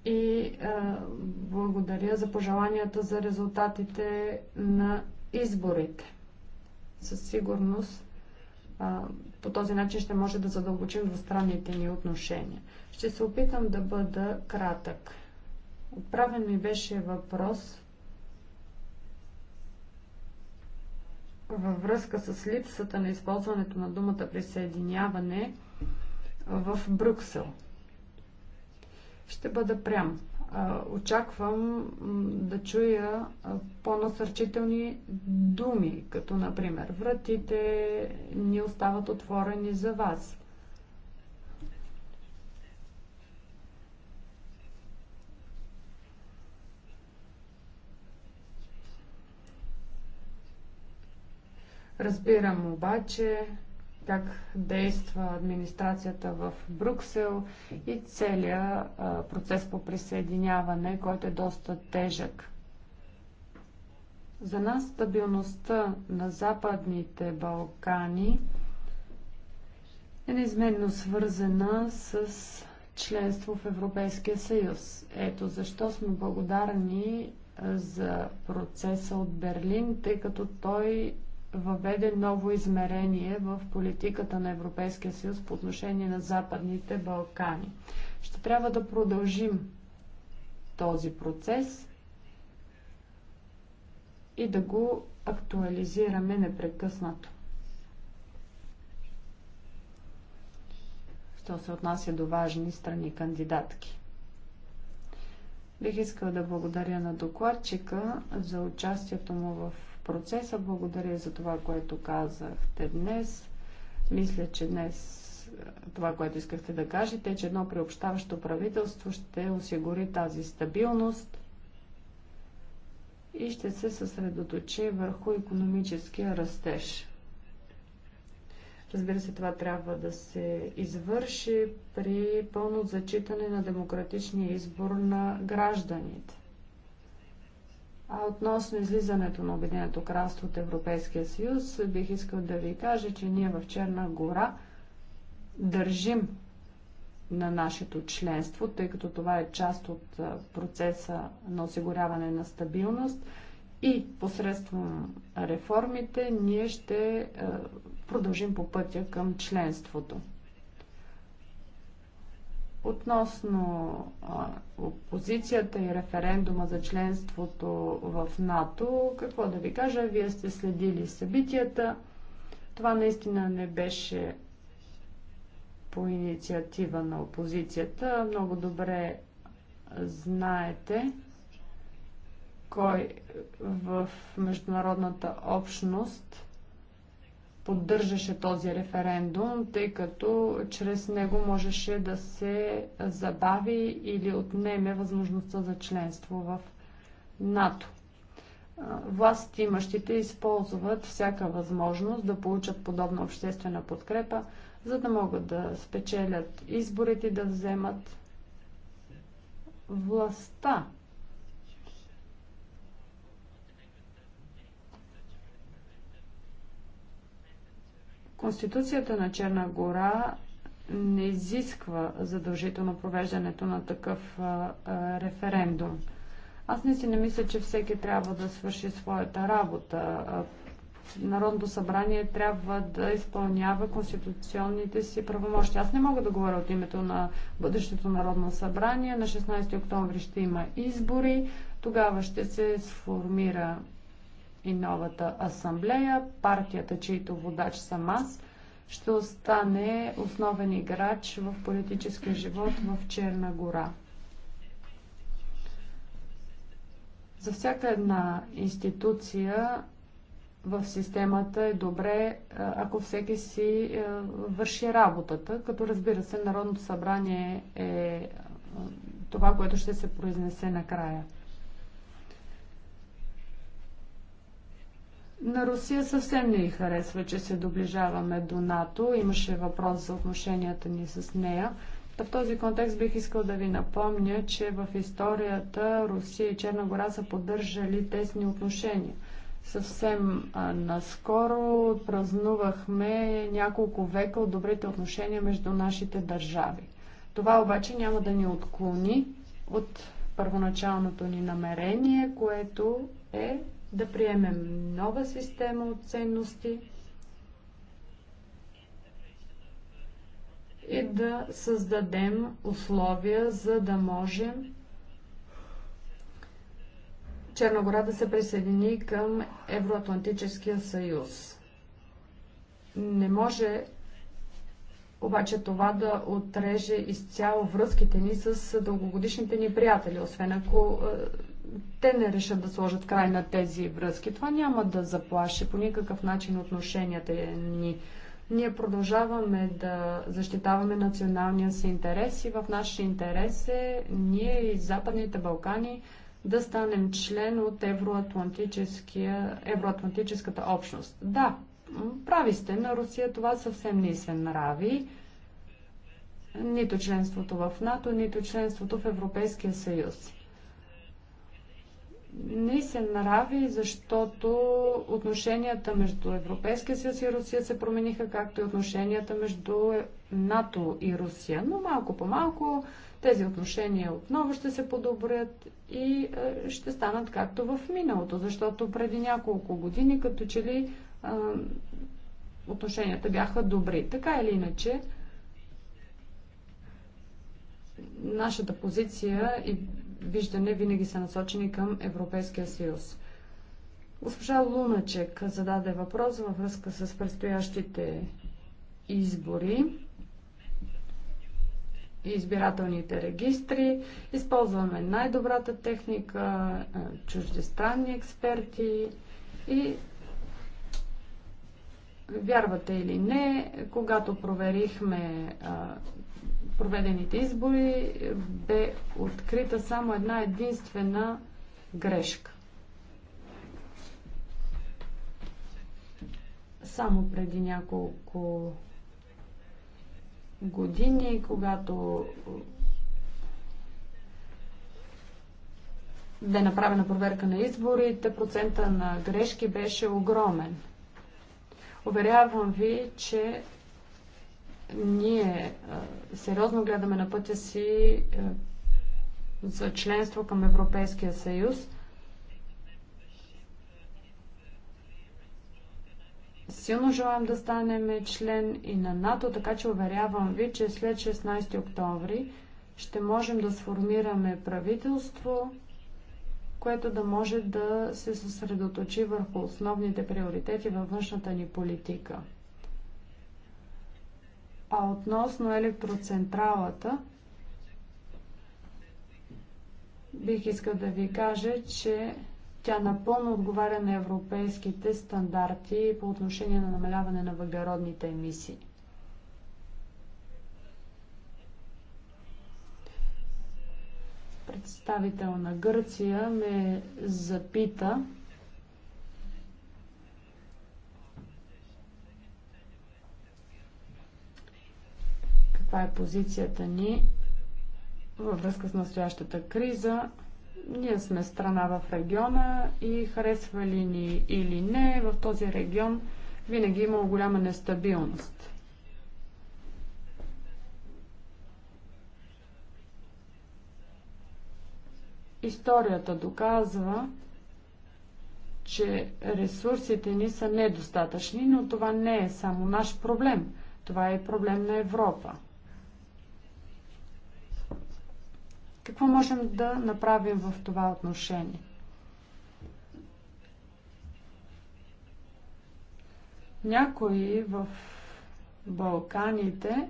И а, благодаря за пожеланията за резултатите на изборите. Със сигурност по този начин ще може да задълбочим двустранните ни отношения. Ще се опитам да бъда кратък. Отправен ми беше въпрос във връзка с липсата на използването на думата присъединяване в Брюксел. Ще бъда прям очаквам да чуя по-насърчителни думи, като например вратите ни остават отворени за вас. Разбирам обаче, как действа администрацията в Брюксел и целият процес по присъединяване, който е доста тежък. За нас стабилността на Западните Балкани е неизменно свързана с членство в Европейския съюз. Ето защо сме благодарни за процеса от Берлин, тъй като той въведе ново измерение в политиката на Европейския съюз по отношение на Западните Балкани. Ще трябва да продължим този процес и да го актуализираме непрекъснато. Що се отнася до важни страни кандидатки. Бих искала да благодаря на докладчика за участието му в процеса. Благодаря за това, което казахте днес. Мисля, че днес е, това, което искахте да кажете, е, че едно приобщаващо правителство ще осигури тази стабилност и ще се съсредоточи върху економическия растеж. Разбира се, това трябва да се извърши при пълно зачитане на демократичния избор на гражданите. Относно излизането на Обединеното кралство от Европейския съюз, бих искал да ви кажа, че ние в Черна гора държим на нашето членство, тъй като това е част от процеса на осигуряване на стабилност и посредством реформите ние ще продължим по пътя към членството. Относно опозицията и референдума за членството в НАТО, какво да ви кажа, вие сте следили събитията. Това наистина не беше по инициатива на опозицията. Много добре знаете кой в международната общност поддържаше този референдум, тъй като чрез него можеше да се забави или отнеме възможността за членство в НАТО. Властите имащите използват всяка възможност да получат подобна обществена подкрепа, за да могат да спечелят изборите, да вземат властта Конституцията на Черна гора не изисква задължително провеждането на такъв а, а, референдум. Аз не си не мисля, че всеки трябва да свърши своята работа. Народното събрание трябва да изпълнява конституционните си правомощи. Аз не мога да говоря от името на бъдещето Народно събрание. На 16 октомври ще има избори. Тогава ще се сформира и новата асамблея. Партията, чийто водач съм аз, ще остане основен играч в политическия живот в Черна гора. За всяка една институция в системата е добре, е, ако всеки си е, върши работата, като разбира се, Народното събрание е, е това, което ще се произнесе накрая. На Русия съвсем не й харесва, че се доближаваме до НАТО. Имаше въпрос за отношенията ни с нея. Та в този контекст бих искал да ви напомня, че в историята Русия и Черна гора са поддържали тесни отношения. Съвсем а, наскоро празнувахме няколко века от добрите отношения между нашите държави. Това обаче няма да ни отклони от първоначалното ни намерение, което е да приемем нова система от ценности и да създадем условия, за да можем Черногора да се присъедини към Евроатлантическия съюз. Не може обаче това да отреже изцяло връзките ни с дългогодишните ни приятели, освен ако е, те не решат да сложат край на тези връзки. Това няма да заплаши по никакъв начин отношенията ни. Ние продължаваме да защитаваме националния си интерес и в нашия интерес е ние и Западните Балкани да станем член от евроатлантическата общност. Да, прави сте, на Русия това съвсем не се нрави. Нито членството в НАТО, нито членството в Европейския съюз не се нрави, защото отношенията между Европейския съюз и Русия се промениха, както и отношенията между НАТО и Русия. Но малко по малко тези отношения отново ще се подобрят и е, ще станат както в миналото, защото преди няколко години като че ли е, отношенията бяха добри. Така или иначе, нашата позиция и виждане винаги са насочени към Европейския съюз. Госпожа Луначек зададе въпрос във връзка с предстоящите избори и избирателните регистри. Използваме най-добрата техника, е, чуждестранни експерти и вярвате или не, когато проверихме е, проведените избори е, бе открита само една единствена грешка. Само преди няколко години, когато е, бе направена проверка на изборите, процента на грешки беше огромен. Уверявам ви, че ние сериозно гледаме на пътя си за членство към Европейския съюз. Силно желаем да станем член и на НАТО, така че уверявам ви, че след 16 октомври ще можем да сформираме правителство, което да може да се съсредоточи върху основните приоритети във външната ни политика. А относно електроцентралата, нали, бих искал да ви кажа, че тя напълно отговаря на европейските стандарти по отношение на намаляване на въглеродните емисии. Представител на Гърция ме запита каква е позицията ни във връзка с настоящата криза. Ние сме страна в региона и харесва ли ни или не, в този регион винаги е има голяма нестабилност. Историята доказва, че ресурсите ни са недостатъчни, но това не е само наш проблем. Това е проблем на Европа. Какво можем да направим в това отношение? Някои в Балканите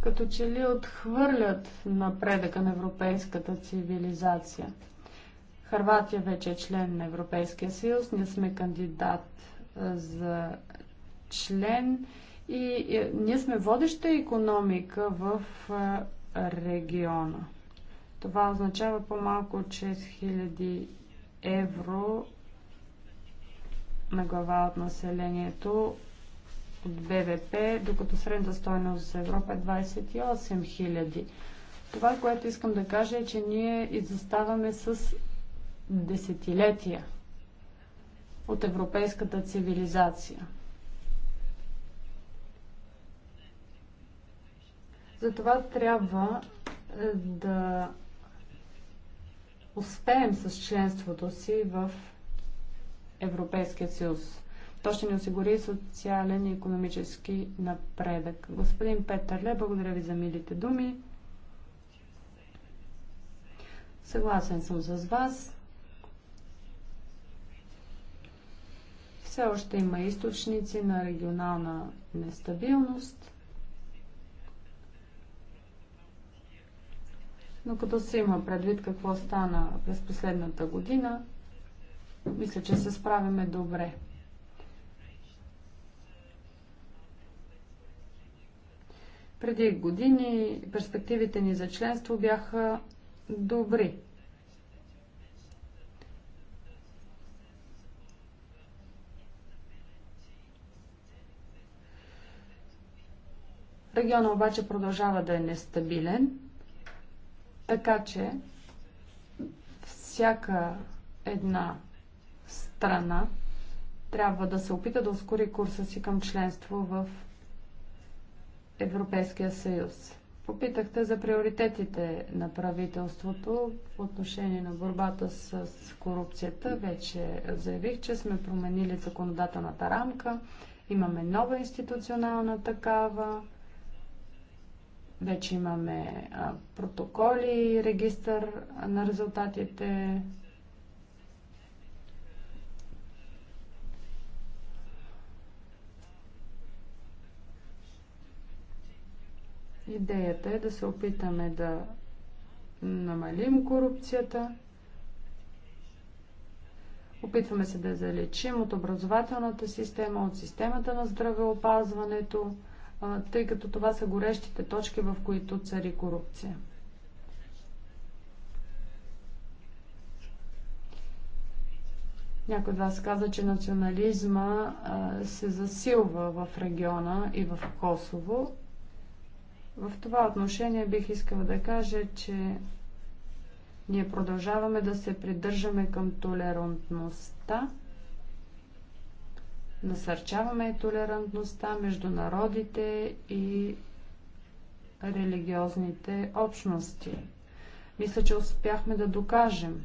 като че ли отхвърлят напредъка на европейската цивилизация. Харватия вече е член на Европейския съюз, ние сме кандидат за член и е, ние сме водеща економика в е, региона. Това означава по-малко от 6000 евро на глава от населението от БВП, докато средната стойност за Европа е 28 000. Това, което искам да кажа е, че ние изоставаме с десетилетия от европейската цивилизация. Затова трябва е, да успеем с членството си в Европейския съюз. То ще ни осигури социален и економически напредък. Господин Петърле, благодаря ви за милите думи. Съгласен съм с вас. Все още има източници на регионална нестабилност. Но като се има предвид какво стана през последната година, мисля, че се справяме добре. Преди години перспективите ни за членство бяха добри. Региона обаче продължава да е нестабилен така че всяка една страна трябва да се опита да ускори курса си към членство в Европейския съюз. Попитахте за приоритетите на правителството по отношение на борбата с корупцията. Вече заявих, че сме променили законодателната рамка. Имаме нова институционална такава. Вече имаме протоколи, регистър на резултатите. Идеята е да се опитаме да намалим корупцията. Опитваме се да залечим от образователната система, от системата на здравеопазването тъй като това са горещите точки, в които цари корупция. Някой от вас каза, че национализма се засилва в региона и в Косово. В това отношение бих искала да кажа, че ние продължаваме да се придържаме към толерантността Насърчаваме толерантността между народите и религиозните общности. Мисля, че успяхме да докажем,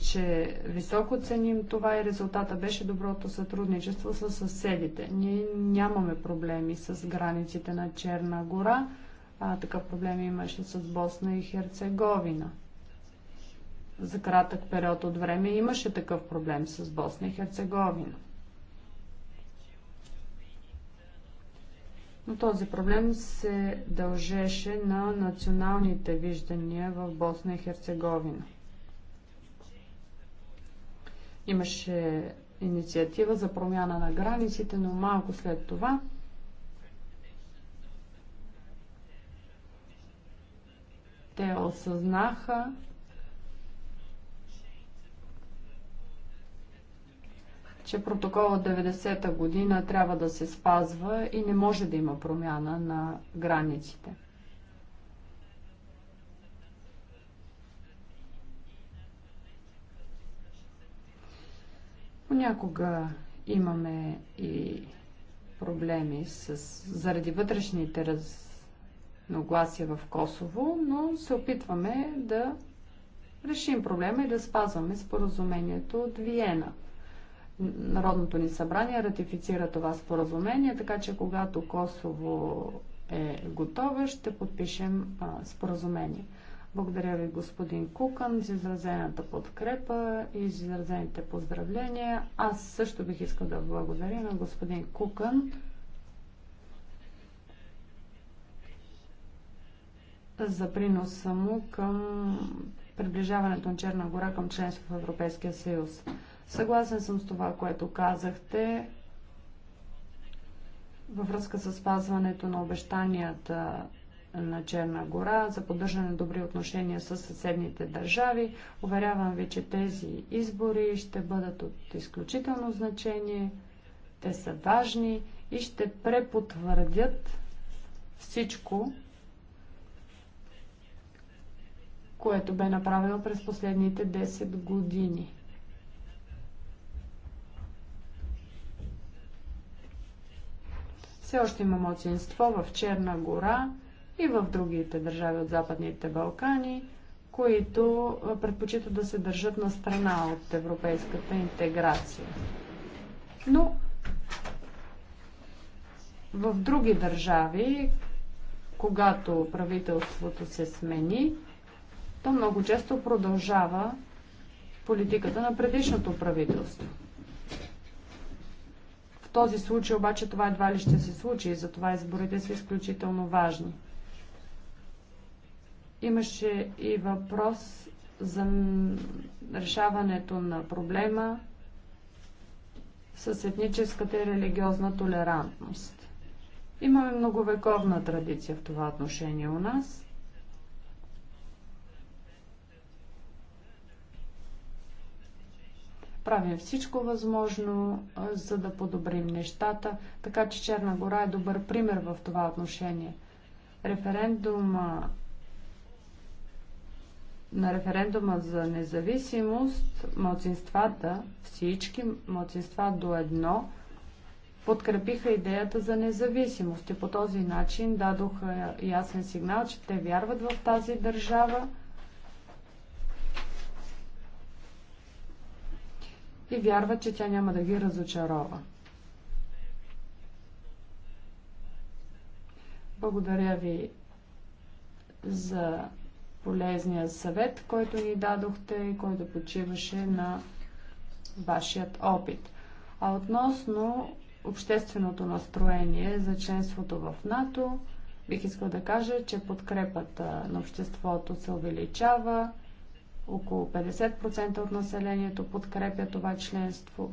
че високо ценим това и резултата беше доброто сътрудничество с съседите. Ние нямаме проблеми с границите на Черна гора, а такъв проблеми имаше с Босна и Херцеговина – за кратък период от време имаше такъв проблем с Босна и Херцеговина. Но този проблем се дължеше на националните виждания в Босна и Херцеговина. Имаше инициатива за промяна на границите, но малко след това те осъзнаха, че протокол от 90-та година трябва да се спазва и не може да има промяна на границите. Понякога имаме и проблеми с, заради вътрешните разногласия в Косово, но се опитваме да решим проблема и да спазваме споразумението от Виена – Народното ни събрание ратифицира това споразумение, така че когато Косово е готова, ще подпишем а, споразумение. Благодаря ви, господин Кукан, за изразената подкрепа и за изразените поздравления. Аз също бих искал да благодаря на господин Кукан за приноса му към приближаването на Черна гора към членство в Европейския съюз. Съгласен съм с това, което казахте във връзка с спазването на обещанията на Черна гора за поддържане на добри отношения с съседните държави. Уверявам ви, че тези избори ще бъдат от изключително значение. Те са важни и ще препотвърдят всичко, което бе направено през последните 10 години. Все още има младсинство в Черна гора и в другите държави от Западните Балкани, които предпочитат да се държат на страна от европейската интеграция. Но в други държави, когато правителството се смени, то много често продължава политиката на предишното правителство този случай обаче това едва ли ще се случи и затова изборите са изключително важни. Имаше и въпрос за решаването на проблема с етническата и религиозна толерантност. Имаме многовековна традиция в това отношение у нас. Правим всичко възможно, за да подобрим нещата, така че Черна гора е добър пример в това отношение. Референдума на референдума за независимост, младсинствата, всички младсинства до едно, подкрепиха идеята за независимост и по този начин дадоха ясен сигнал, че те вярват в тази държава и вярват, че тя няма да ги разочарова. Благодаря ви за полезния съвет, който ни дадохте и който почиваше на вашият опит. А относно общественото настроение за членството в НАТО, бих искал да кажа, че подкрепата на обществото се увеличава. Около 50% от населението подкрепя това членство.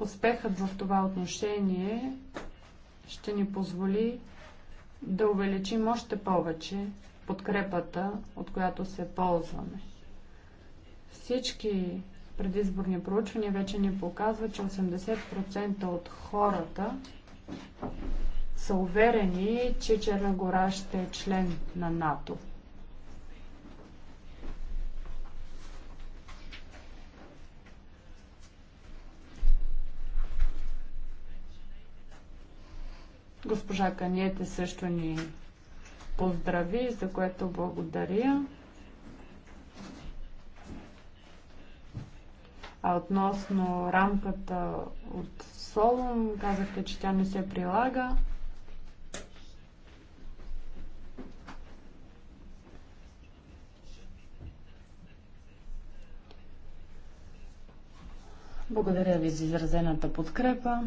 Успехът в това отношение ще ни позволи да увеличим още повече подкрепата, от която се ползваме. Всички предизборни проучвания вече ни показват, че 80% от хората са уверени, че Черна гора ще е член на НАТО. Госпожа Каниете също ни поздрави, за което благодаря. А относно рамката от Солун. Казахте, че тя не се прилага. Благодаря ви за изразената подкрепа.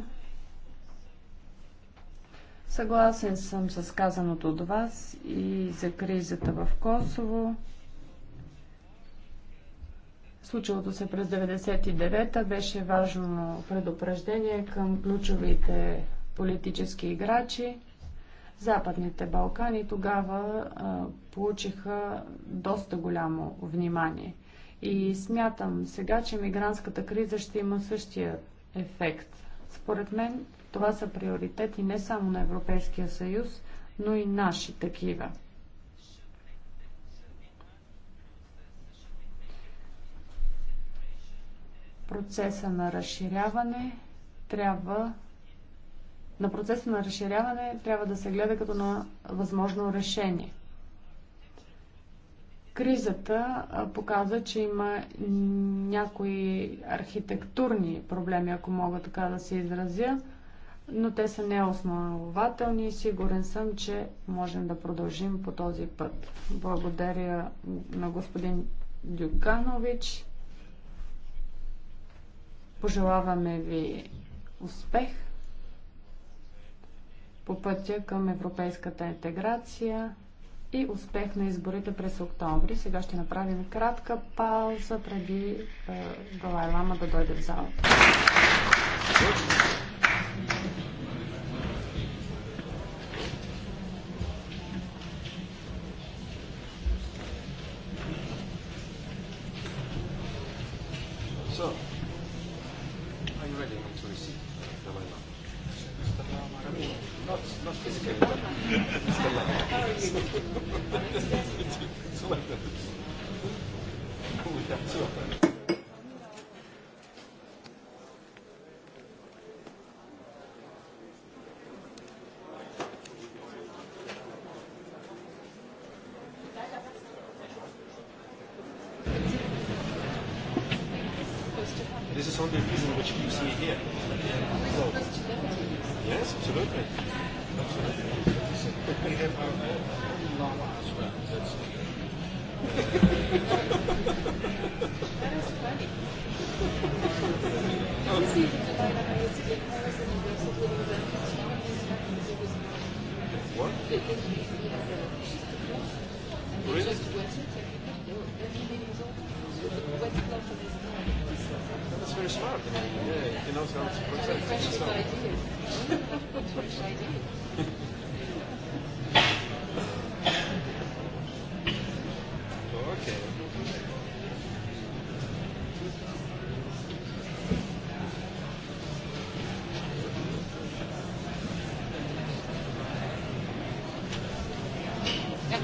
Съгласен съм с казаното от вас и за кризата в Косово. Случилото се през 99-та беше важно предупреждение към ключовите политически играчи. Западните Балкани тогава а, получиха доста голямо внимание. И смятам сега, че мигрантската криза ще има същия ефект. Според мен това са приоритети не само на Европейския съюз, но и наши такива. процеса на разширяване трябва на процеса на разширяване трябва да се гледа като на възможно решение. Кризата показа, че има някои архитектурни проблеми, ако мога така да се изразя, но те са неоснователни и сигурен съм, че можем да продължим по този път. Благодаря на господин Дюканович. Пожелаваме ви успех по пътя към европейската интеграция и успех на изборите през октомври. Сега ще направим кратка пауза преди е, Далай Лама да дойде в залата.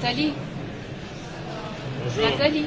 Nathalie Bonjour. Nathalie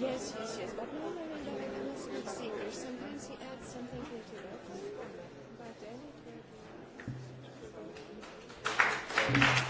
Yes, yes, yes. But no the mechanism is secret. Sometimes he adds something to it. But then it will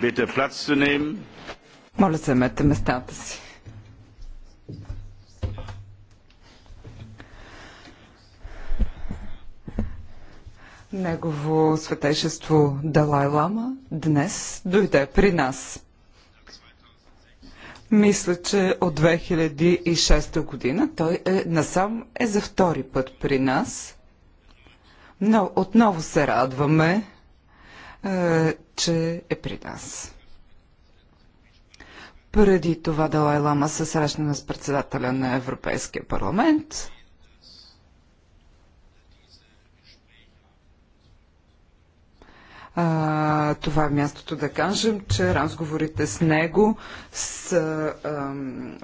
Bitte Platz zu nehmen. Моля, заемете местата си. Негово светейшество Далай Лама днес дойде при нас. Мисля, че от 2006 година той е, насам е за втори път при нас. Но отново се радваме, е, че е при нас. Преди това Далай Лама се срещна с председателя на Европейския парламент. А, това е мястото да кажем, че разговорите с него са а,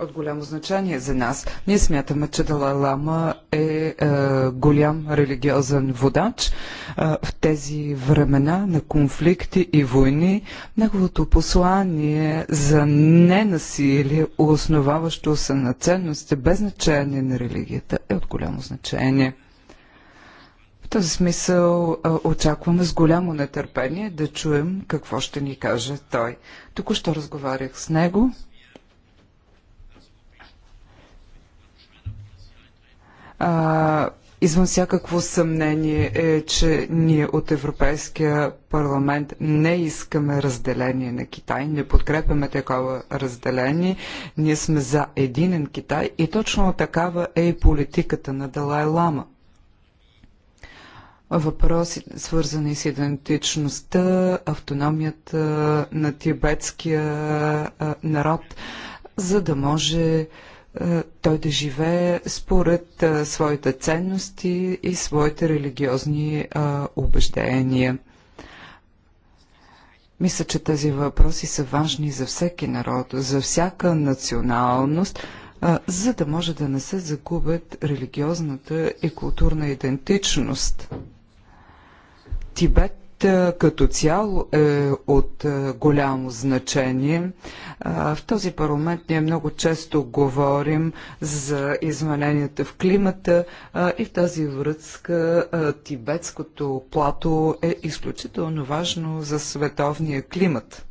от голямо значение за нас. Ние смятаме, че Далай Лама е а, е, голям религиозен водач. А, в тези времена на конфликти и войни неговото послание за ненасилие, основаващо се на ценности без значение на религията, е от голямо значение. В този смисъл очакваме с голямо нетърпение да чуем какво ще ни каже той. Току-що разговарях с него. А, Извън всякакво съмнение е, че ние от Европейския парламент не искаме разделение на Китай, не подкрепяме такова разделение. Ние сме за единен Китай и точно такава е и политиката на Далай Лама въпроси, свързани с идентичността, автономията на тибетския народ, за да може той да живее според своите ценности и своите религиозни убеждения. Мисля, че тези въпроси са важни за всеки народ, за всяка националност, за да може да не се загубят религиозната и културна идентичност. Тибет като цяло е от голямо значение. В този парламент ние много често говорим за измененията в климата и в тази връзка тибетското плато е изключително важно за световния климат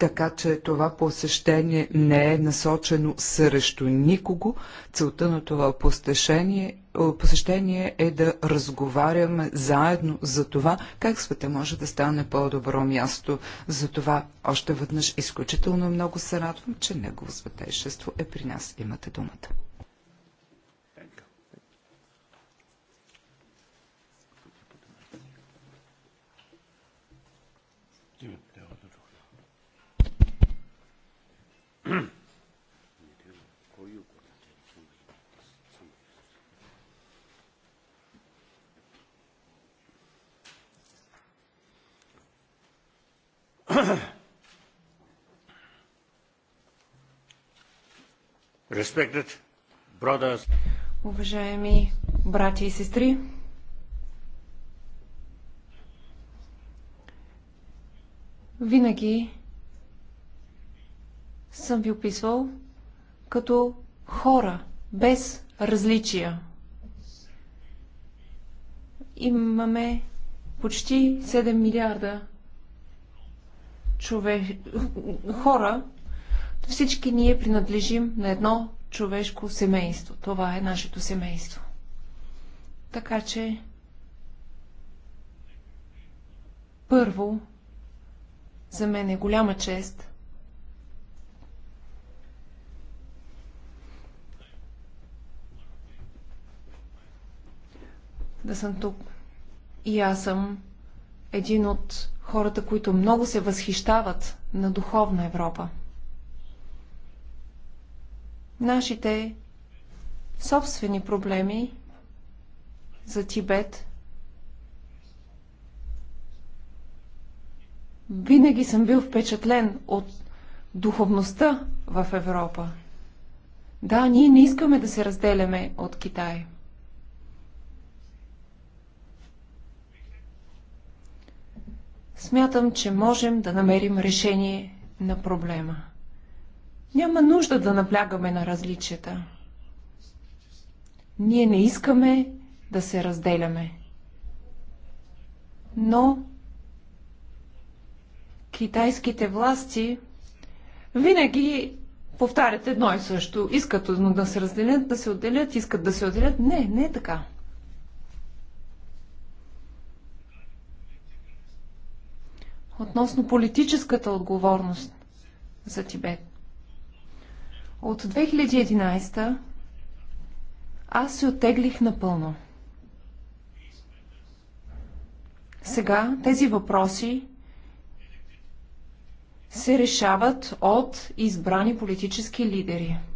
така че това посещение не е насочено срещу никого. Целта на това посещение, посещение е да разговаряме заедно за това, как света може да стане по-добро място. За това още веднъж изключително много се радвам, че Негово светейшество е при нас. Имате думата. Уважаеми брати и сестри, винаги съм ви описвал като хора, без различия. Имаме почти 7 милиарда чове... хора. Всички ние принадлежим на едно човешко семейство. Това е нашето семейство. Така че, първо, за мен е голяма чест – да съм тук. И аз съм един от хората, които много се възхищават на духовна Европа. Нашите собствени проблеми за Тибет винаги съм бил впечатлен от духовността в Европа. Да, ние не искаме да се разделяме от Китай – смятам, че можем да намерим решение на проблема. Няма нужда да наблягаме на различията. Ние не искаме да се разделяме. Но китайските власти винаги повтарят едно и също. Искат да се разделят, да се отделят, искат да се отделят. Не, не е така. относно политическата отговорност за Тибет. От 2011 аз се отеглих напълно. Сега тези въпроси се решават от избрани политически лидери –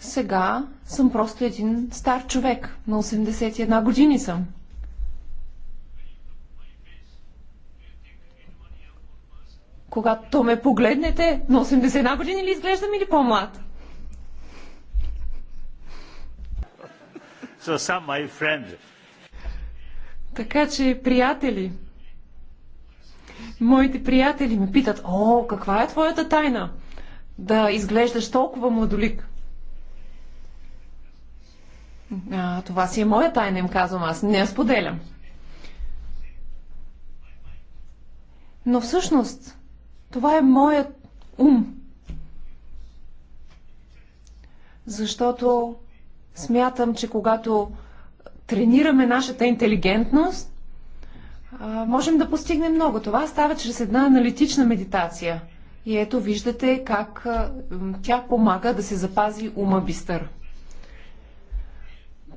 Сега съм просто един стар човек. На 81 години съм. Когато ме погледнете, на 81 години ли изглеждам или по-млад? So some my Така че, приятели, моите приятели ме питат, о, каква е твоята тайна? Да изглеждаш толкова младолик. А, това си е моя тайна, им казвам аз. Не я споделям. Но всъщност, това е моят ум. Защото смятам, че когато тренираме нашата интелигентност, можем да постигнем много. Това става чрез една аналитична медитация. И ето виждате как тя помага да се запази ума бистър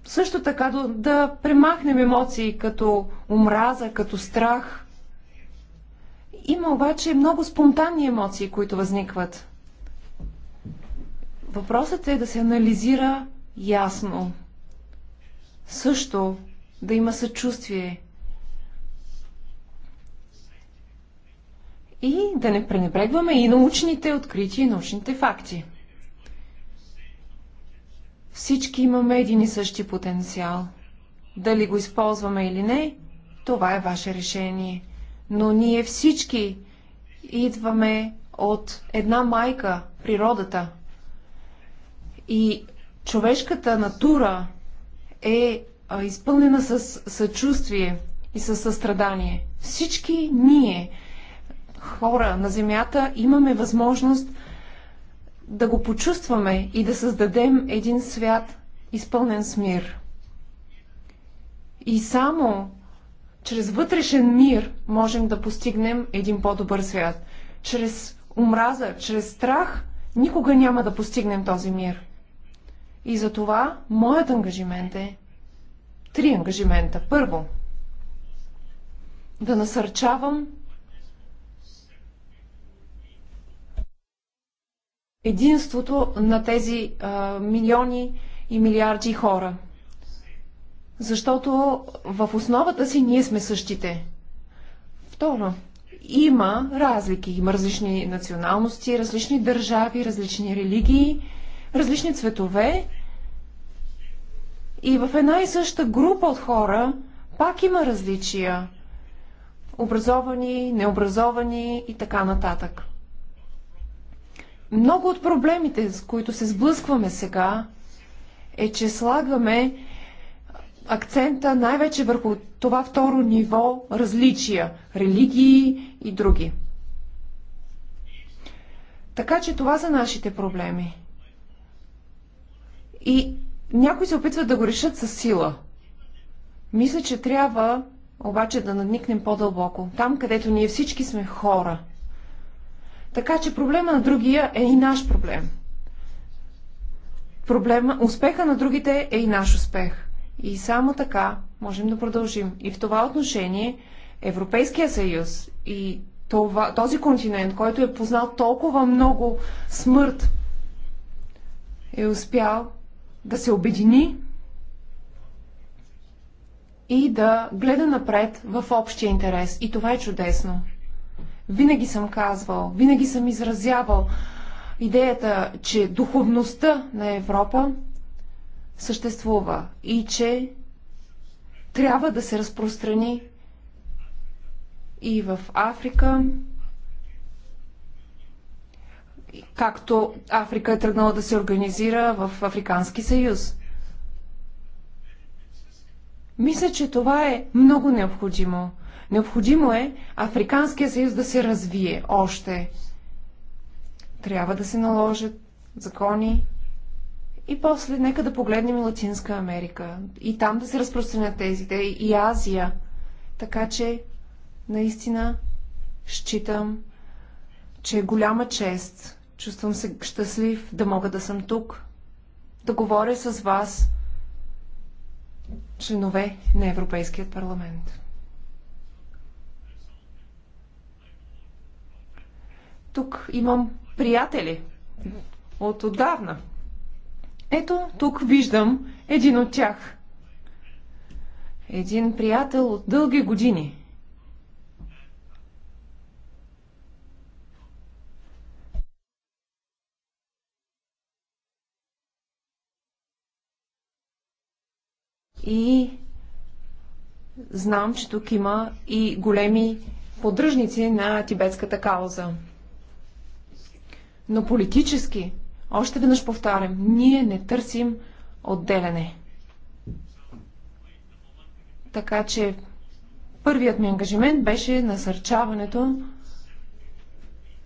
също така да, да премахнем емоции като омраза, като страх. Има обаче много спонтанни емоции, които възникват. Въпросът е да се анализира ясно. Също да има съчувствие. И да не пренебрегваме и научните открития и научните факти. Всички имаме един и същи потенциал. Дали го използваме или не, това е ваше решение. Но ние всички идваме от една майка, природата. И човешката натура е изпълнена с съчувствие и с състрадание. Всички ние, хора на Земята, имаме възможност да го почувстваме и да създадем един свят изпълнен с мир. И само чрез вътрешен мир можем да постигнем един по-добър свят. Чрез омраза, чрез страх никога няма да постигнем този мир. И за това моят ангажимент е три ангажимента. Първо, да насърчавам единството на тези а, милиони и милиарди хора. Защото в основата си ние сме същите. Второ, има разлики. Има различни националности, различни държави, различни религии, различни цветове. И в една и съща група от хора пак има различия. Образовани, необразовани и така нататък. Много от проблемите, с които се сблъскваме сега, е, че слагаме акцента най-вече върху това второ ниво различия религии и други. Така че това са нашите проблеми. И някои се опитват да го решат със сила. Мисля, че трябва обаче да надникнем по-дълбоко. Там, където ние всички сме хора – така че проблема на другия е и наш проблем. Проблема, успеха на другите е и наш успех. И само така можем да продължим. И в това отношение Европейския съюз и това, този континент, който е познал толкова много смърт, е успял да се обедини и да гледа напред в общия интерес. И това е чудесно. Винаги съм казвал, винаги съм изразявал идеята, че духовността на Европа съществува и че трябва да се разпространи и в Африка, както Африка е тръгнала да се организира в Африкански съюз. Мисля, че това е много необходимо – Необходимо е Африканския съюз да се развие още. Трябва да се наложат закони. И после нека да погледнем и Латинска Америка. И там да се разпространят тези, и Азия. Така че, наистина, считам, че е голяма чест. Чувствам се щастлив да мога да съм тук, да говоря с вас, членове на Европейският парламент. Тук имам приятели от отдавна. Ето, тук виждам един от тях. Един приятел от дълги години. И знам, че тук има и големи поддръжници на тибетската кауза. Но политически, още веднъж повтарям, ние не търсим отделяне. Така че първият ми ангажимент беше насърчаването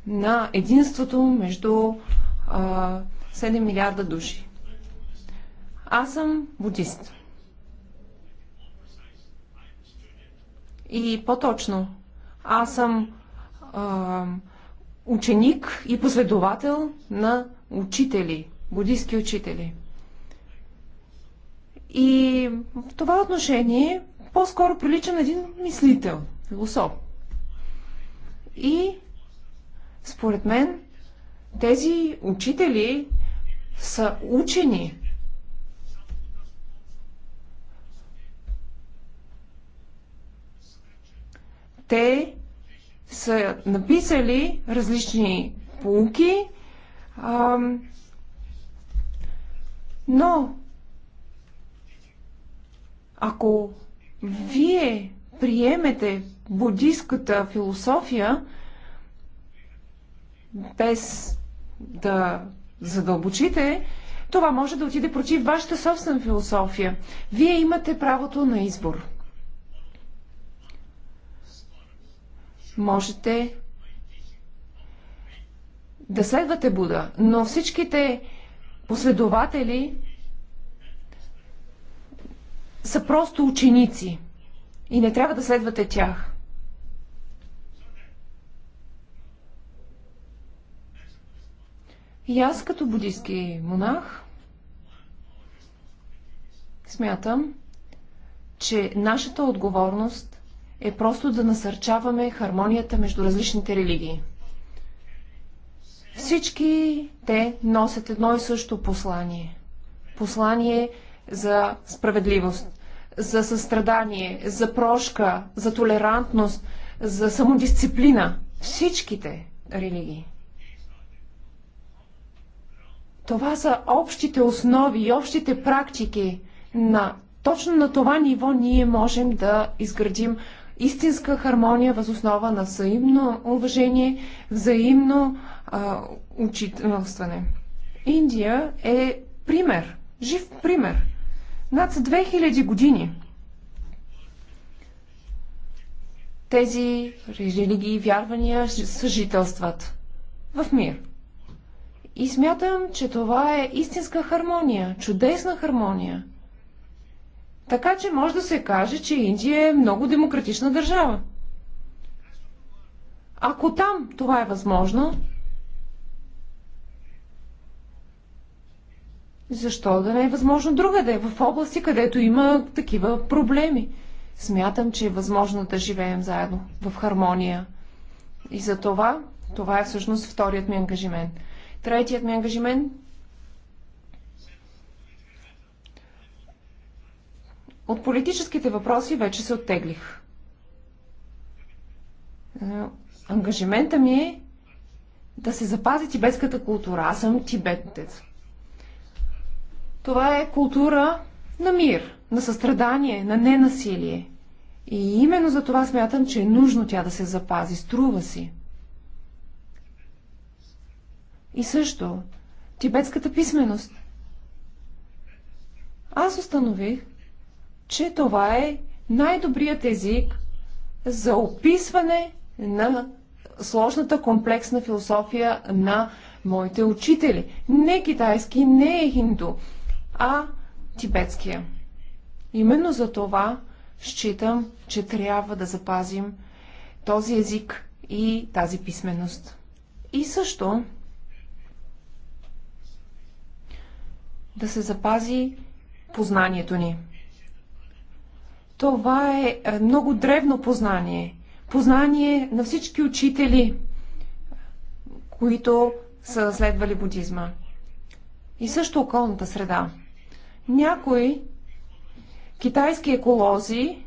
на единството между а, 7 милиарда души. Аз съм будист. И по-точно, аз съм а, ученик и последовател на учители, будистки учители. И в това отношение по-скоро прилича на един мислител, философ. И според мен тези учители са учени. Те са написали различни полуки, но ако вие приемете будистката философия без да задълбочите, това може да отиде против вашата собствена философия. Вие имате правото на избор. можете да следвате Буда, но всичките последователи са просто ученици и не трябва да следвате тях. И аз като будистки монах смятам, че нашата отговорност е просто да насърчаваме хармонията между различните религии. Всички те носят едно и също послание. Послание за справедливост, за състрадание, за прошка, за толерантност, за самодисциплина. Всичките религии. Това са общите основи и общите практики на точно на това ниво ние можем да изградим истинска хармония въз основа на взаимно уважение, взаимно а, учителстване. Индия е пример, жив пример. Над 2000 години тези религии и вярвания съжителстват в мир. И смятам, че това е истинска хармония, чудесна хармония – така че може да се каже, че Индия е много демократична държава. Ако там това е възможно, защо да не е възможно друга да е в области, където има такива проблеми? Смятам, че е възможно да живеем заедно, в хармония. И за това, това е всъщност вторият ми ангажимент. Третият ми ангажимент От политическите въпроси вече се оттеглих. Е, ангажимента ми е да се запази тибетската култура. Аз съм тибетнец. Това е култура на мир, на състрадание, на ненасилие. И именно за това смятам, че е нужно тя да се запази. Струва си. И също, тибетската писменост. Аз установих, че това е най-добрият език за описване на сложната комплексна философия на моите учители. Не китайски, не хинду, а тибетския. Именно за това считам, че трябва да запазим този език и тази писменост. И също да се запази познанието ни – това е, е много древно познание. Познание на всички учители, които са следвали будизма. И също околната среда. Някои китайски еколози,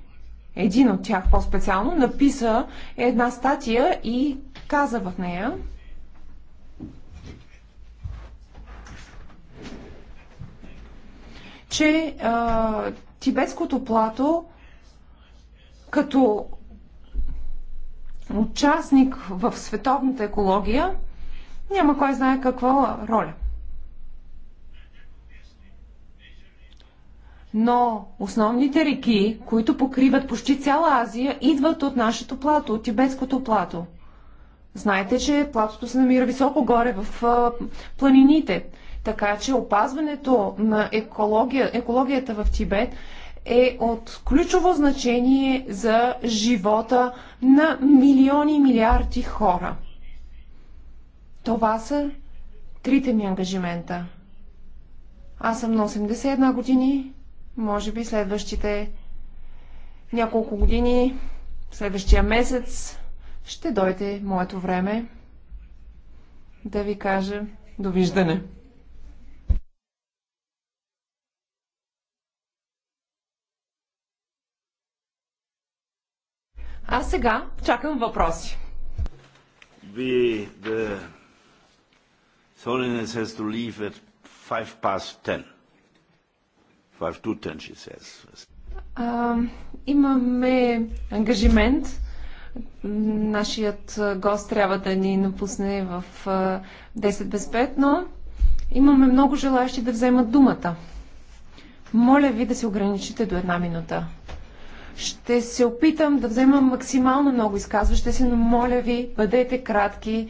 един от тях по-специално, написа една статия и каза в нея, че а, тибетското плато като участник в световната екология няма кой знае каква роля. Но основните реки, които покриват почти цяла Азия, идват от нашето плато, от тибетското плато. Знаете, че платото се намира високо горе в а, планините. Така че опазването на екология, екологията в Тибет е от ключово значение за живота на милиони и милиарди хора. Това са трите ми ангажимента. Аз съм на 81 години, може би следващите няколко години, следващия месец ще дойде моето време да ви кажа довиждане. А сега чакам въпроси. Би да Holiness has to leave at 5 пас 10. 5 to 10, she says. А, имаме ангажимент. Нашият гост трябва да ни напусне в 10 без 5, но имаме много желаящи да вземат думата. Моля ви да се ограничите до една минута. Ще се опитам да взема максимално много изказващи се, но моля ви, бъдете кратки.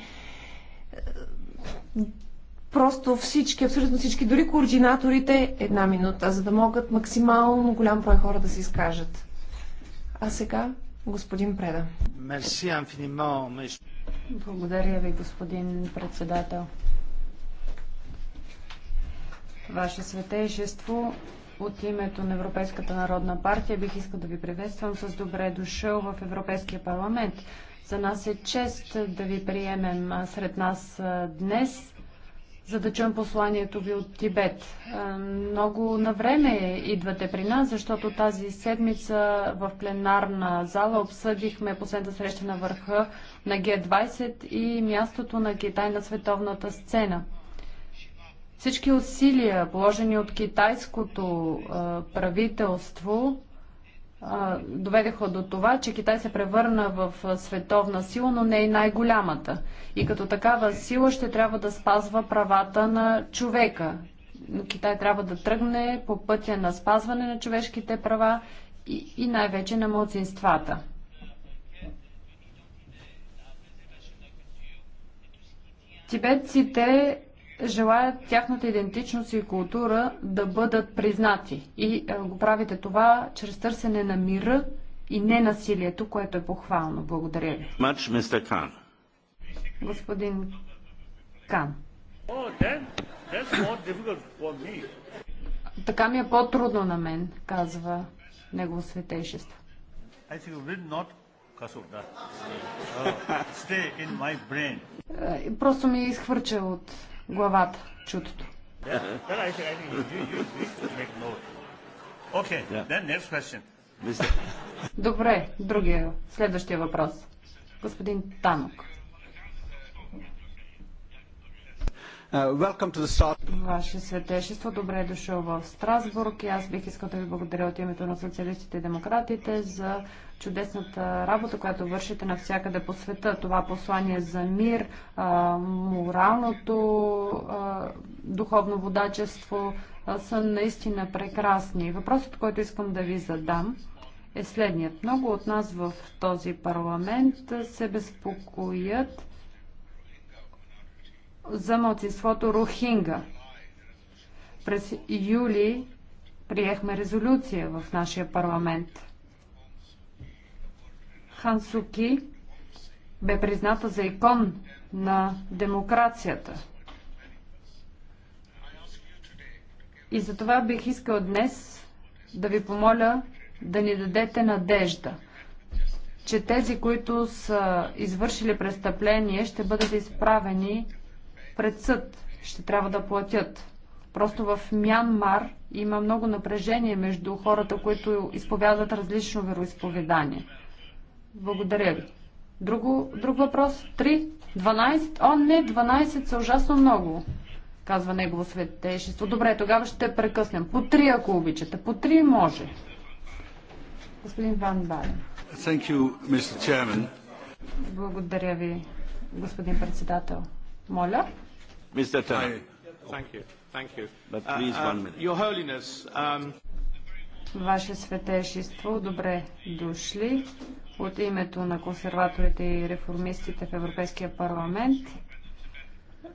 Просто всички, абсолютно всички, дори координаторите, една минута, за да могат максимално голям брой хора да се изкажат. А сега господин Преда. Благодаря ви, господин председател. Ваше светейшество, от името на Европейската народна партия бих искал да ви приветствам с добре дошъл в Европейския парламент. За нас е чест да ви приемем сред нас днес, за да чуем посланието ви от Тибет. Много на време идвате при нас, защото тази седмица в пленарна зала обсъдихме последната среща на върха на Г20 и мястото на Китай на световната сцена – всички усилия, положени от китайското а, правителство, а, доведеха до това, че Китай се превърна в световна сила, но не и най-голямата. И като такава сила ще трябва да спазва правата на човека. Китай трябва да тръгне по пътя на спазване на човешките права и, и най-вече на младсинствата. Тибетците желаят тяхната идентичност и култура да бъдат признати. И е, го правите това чрез търсене на мира и не насилието, което е похвално. Благодаря ви. Much, Mr. Khan. Господин Кан. Така ми е по-трудно на мен, казва Негово Светейшество. Uh, е, просто ми е изхвърча от главата, чутото. Добре, другия, следващия въпрос. Господин Танок. Uh, Ваше Светещество, добре е дошъл в Страсбург и аз бих искал да ви благодаря от името на социалистите и демократите за чудесната работа, която вършите навсякъде по света. Това послание за мир, моралното духовно водачество са наистина прекрасни. Въпросът, който искам да ви задам е следният. Много от нас в този парламент се безпокоят за младсинството Рохинга. През юли приехме резолюция в нашия парламент. Хансуки бе призната за икон на демокрацията. И за това бих искал днес да ви помоля да ни дадете надежда, че тези, които са извършили престъпление, ще бъдат изправени пред съд, ще трябва да платят. Просто в Мянмар има много напрежение между хората, които изповядват различно вероисповедание. Благодаря ви. Друго, друг въпрос? три, 12? О, не, 12 са ужасно много, казва негово светейшество. Добре, тогава ще прекъснем. По три, ако обичате. По три, може. Господин Ван Бален. You, Благодаря ви, господин председател. Моля. Mr. Turner. Tanner. Thank you. Thank you. But uh, please, uh, one minute. Your Holiness, um... Ваше Светейшество, добре дошли от името на консерваторите и реформистите в Европейския парламент.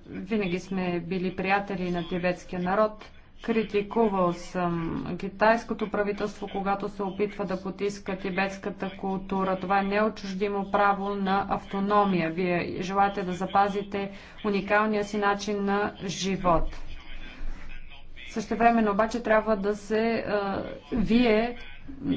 Винаги сме били приятели на тибетския народ – Критикувал съм китайското правителство, когато се опитва да потиска тибетската култура. Това е неочуждимо право на автономия. Вие желаете да запазите уникалния си начин на живот. Също време обаче трябва да се... А, вие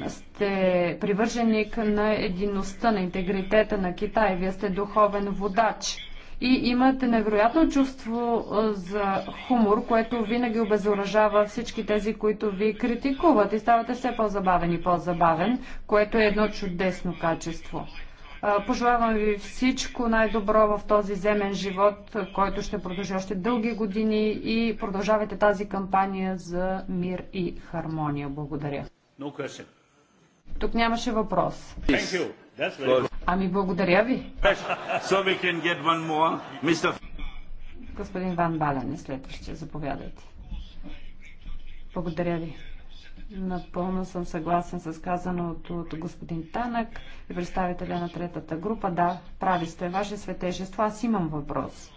сте привърженик на единността, на интегритета на Китай. Вие сте духовен водач и имате невероятно чувство за хумор, което винаги обезоръжава всички тези, които ви критикуват и ставате все по-забавен и по-забавен, което е едно чудесно качество. Пожелавам ви всичко най-добро в този земен живот, който ще продължи още дълги години и продължавайте тази кампания за мир и хармония. Благодаря. No Тук нямаше въпрос. Ами благодаря ви. Господин Ван Бален е следващия. Заповядайте. Благодаря ви. Напълно съм съгласен с казаното от господин Танък и представителя на третата група. Да, прави сте, ваше светежество. Аз имам въпрос.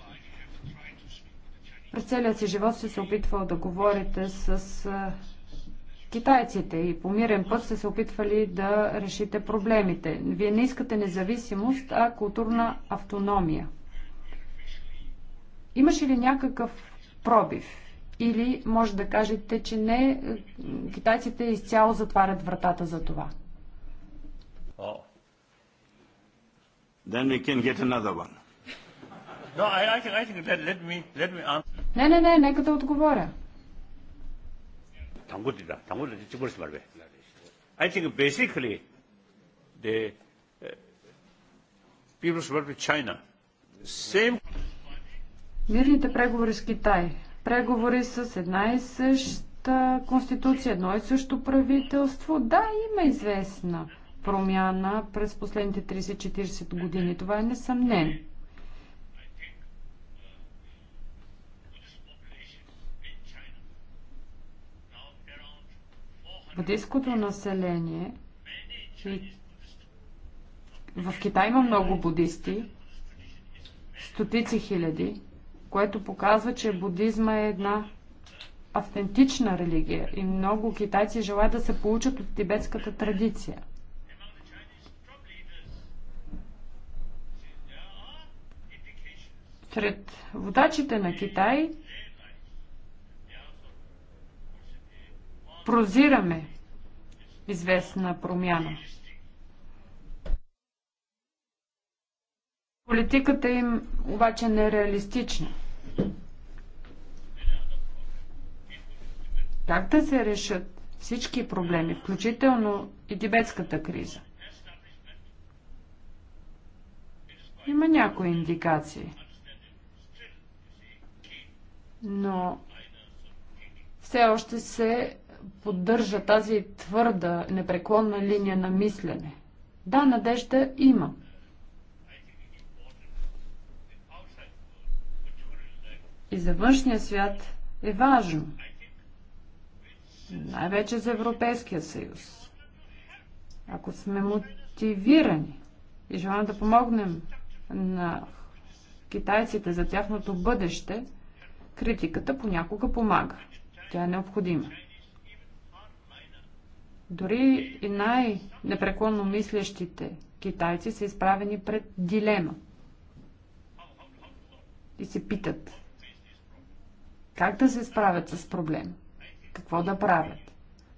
През целият си живот сте се опитвал да говорите с китайците и по мирен път сте се опитвали да решите проблемите. Вие не искате независимост, а културна автономия. Имаше ли някакъв пробив? Или може да кажете, че не, китайците изцяло затварят вратата за това? Oh. Then we can get another one. No, I, I I let me, let me answer. Не, не, не, нека да отговоря. 당구들이다. 당구들 집어넣지 말고. I think basically the uh, people's work with China. Same. Мирните преговори с Китай. Преговори с една и съща конституция, едно и също правителство. Да, има известна промяна през последните 30-40 години. Това е несъмнено. буддийското население и в Китай има много буддисти, стотици хиляди, което показва, че будизма е една автентична религия и много китайци желаят да се получат от тибетската традиция. Сред водачите на Китай прозираме известна промяна. Политиката им обаче не е реалистична. Как да се решат всички проблеми, включително и тибетската криза? Има някои индикации. Но все още се поддържа тази твърда, непреклонна линия на мислене. Да, надежда има. И за външния свят е важно. Най-вече за Европейския съюз. Ако сме мотивирани и желаем да помогнем на китайците за тяхното бъдеще, критиката понякога помага. Тя е необходима. Дори и най-непреклонно мислещите китайци са изправени пред дилема и се питат как да се справят с проблем, какво да правят.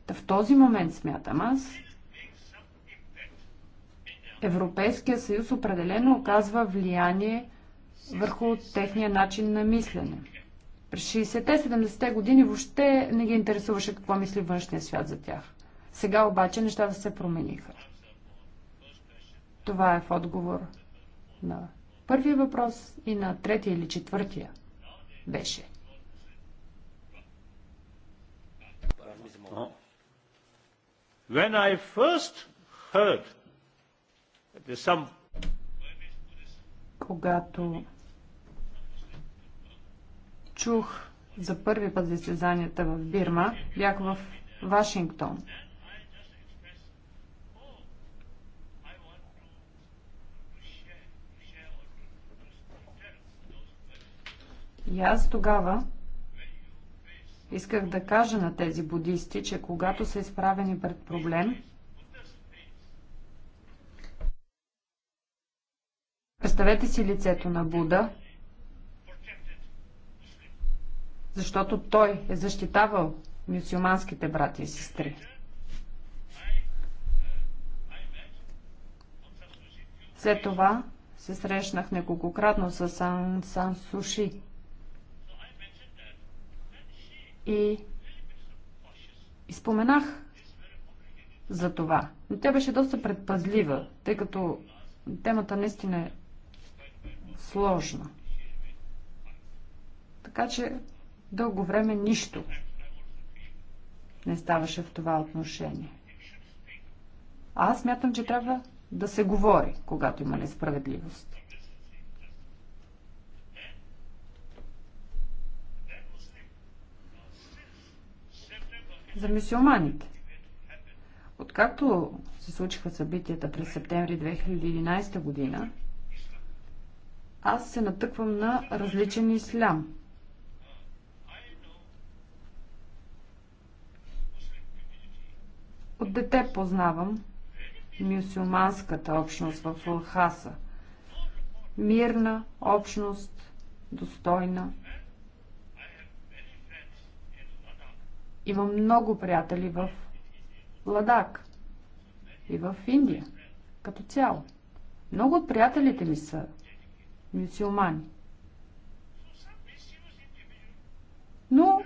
Та в този момент смятам аз, Европейския съюз определено оказва влияние върху техния начин на мислене. През 60-70-те години въобще не ги интересуваше какво мисли външния свят за тях. Сега обаче нещата се промениха. Това е в отговор на първия въпрос и на третия или четвъртия беше. When I first heard some... Когато чух за първи път за състезанията в Бирма, бях в Вашингтон. И аз тогава исках да кажа на тези будисти, че когато са изправени пред проблем, представете си лицето на Буда, защото той е защитавал мюсюлманските брати и сестри. След това се срещнах неколкократно с Сан Суши, и изпоменах за това. Но тя беше доста предпазлива, тъй като темата наистина е сложна. Така че дълго време нищо не ставаше в това отношение. А аз мятам, че трябва да се говори, когато има несправедливост. за мисиоманите. Откакто се случиха събитията през септември 2011 година, аз се натъквам на различен ислям. От дете познавам мюсюлманската общност в Лхаса. Мирна общност, достойна Имам много приятели в Ладак и в Индия, като цяло. Много от приятелите ми са мюсюлмани. Но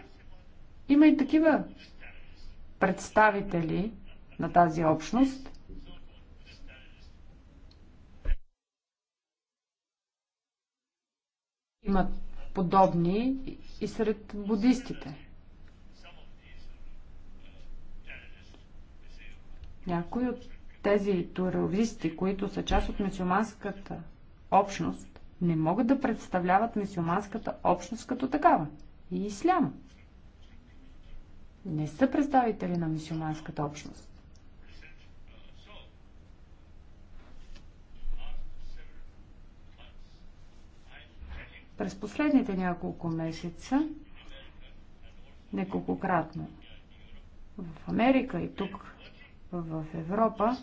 има и такива представители на тази общност, имат подобни и сред будистите. Някои от тези туровисти, които са част от мюсюлманската общност, не могат да представляват мюсюлманската общност като такава и исляма. Не са представители на мюсюлманската общност. През последните няколко месеца, неколкократно в Америка и тук в Европа.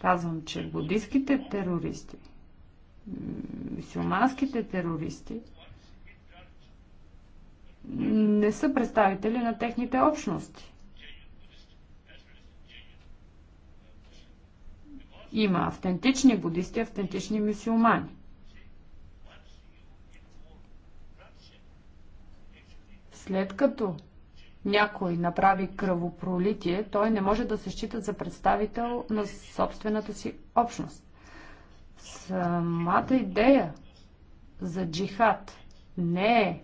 Казвам, че будистските терористи, мусулманските терористи не са представители на техните общности. Има автентични буддисти, автентични мусулмани. След като някой направи кръвопролитие, той не може да се счита за представител на собствената си общност. Самата идея за джихад не е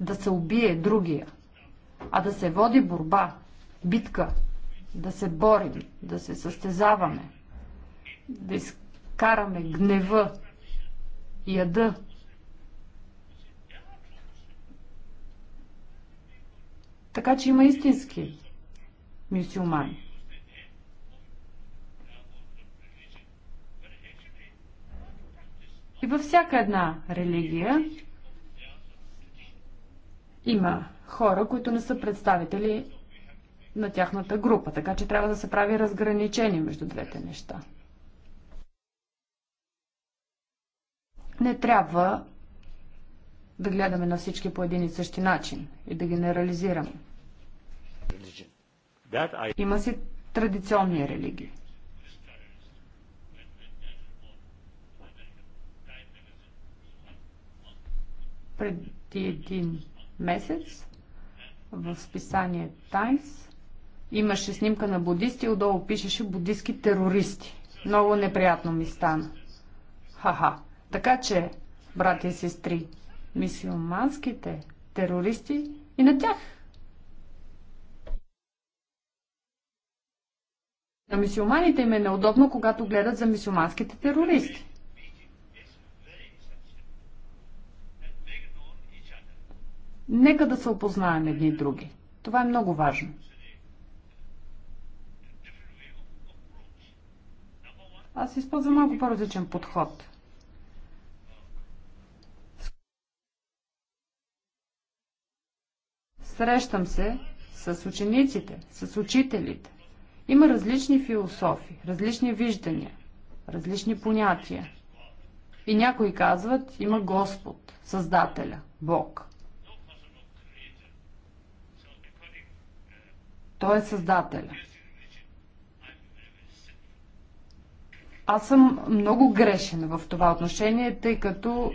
да се убие другия, а да се води борба, битка, да се борим, да се състезаваме, да изкараме гнева, яда Така че има истински мюсюлмани. И във всяка една религия има хора, които не са представители на тяхната група, така че трябва да се прави разграничение между двете неща. Не трябва да гледаме на всички по един и същи начин и да генерализираме. Има си традиционни религии. Преди един месец в списание Times имаше снимка на буддисти и отдолу пишеше буддистки терористи. Много неприятно ми стана. Ха-ха. Така че, брати и сестри, мисиоманските терористи и на тях. На мисиоманите им е неудобно, когато гледат за мисиоманските терористи. Нека да се опознаем едни и други. Това е много важно. Аз използвам малко по-различен подход – Срещам се с учениците, с учителите. Има различни философи, различни виждания, различни понятия. И някои казват, има Господ, Създателя, Бог. Той е Създателя. Аз съм много грешен в това отношение, тъй като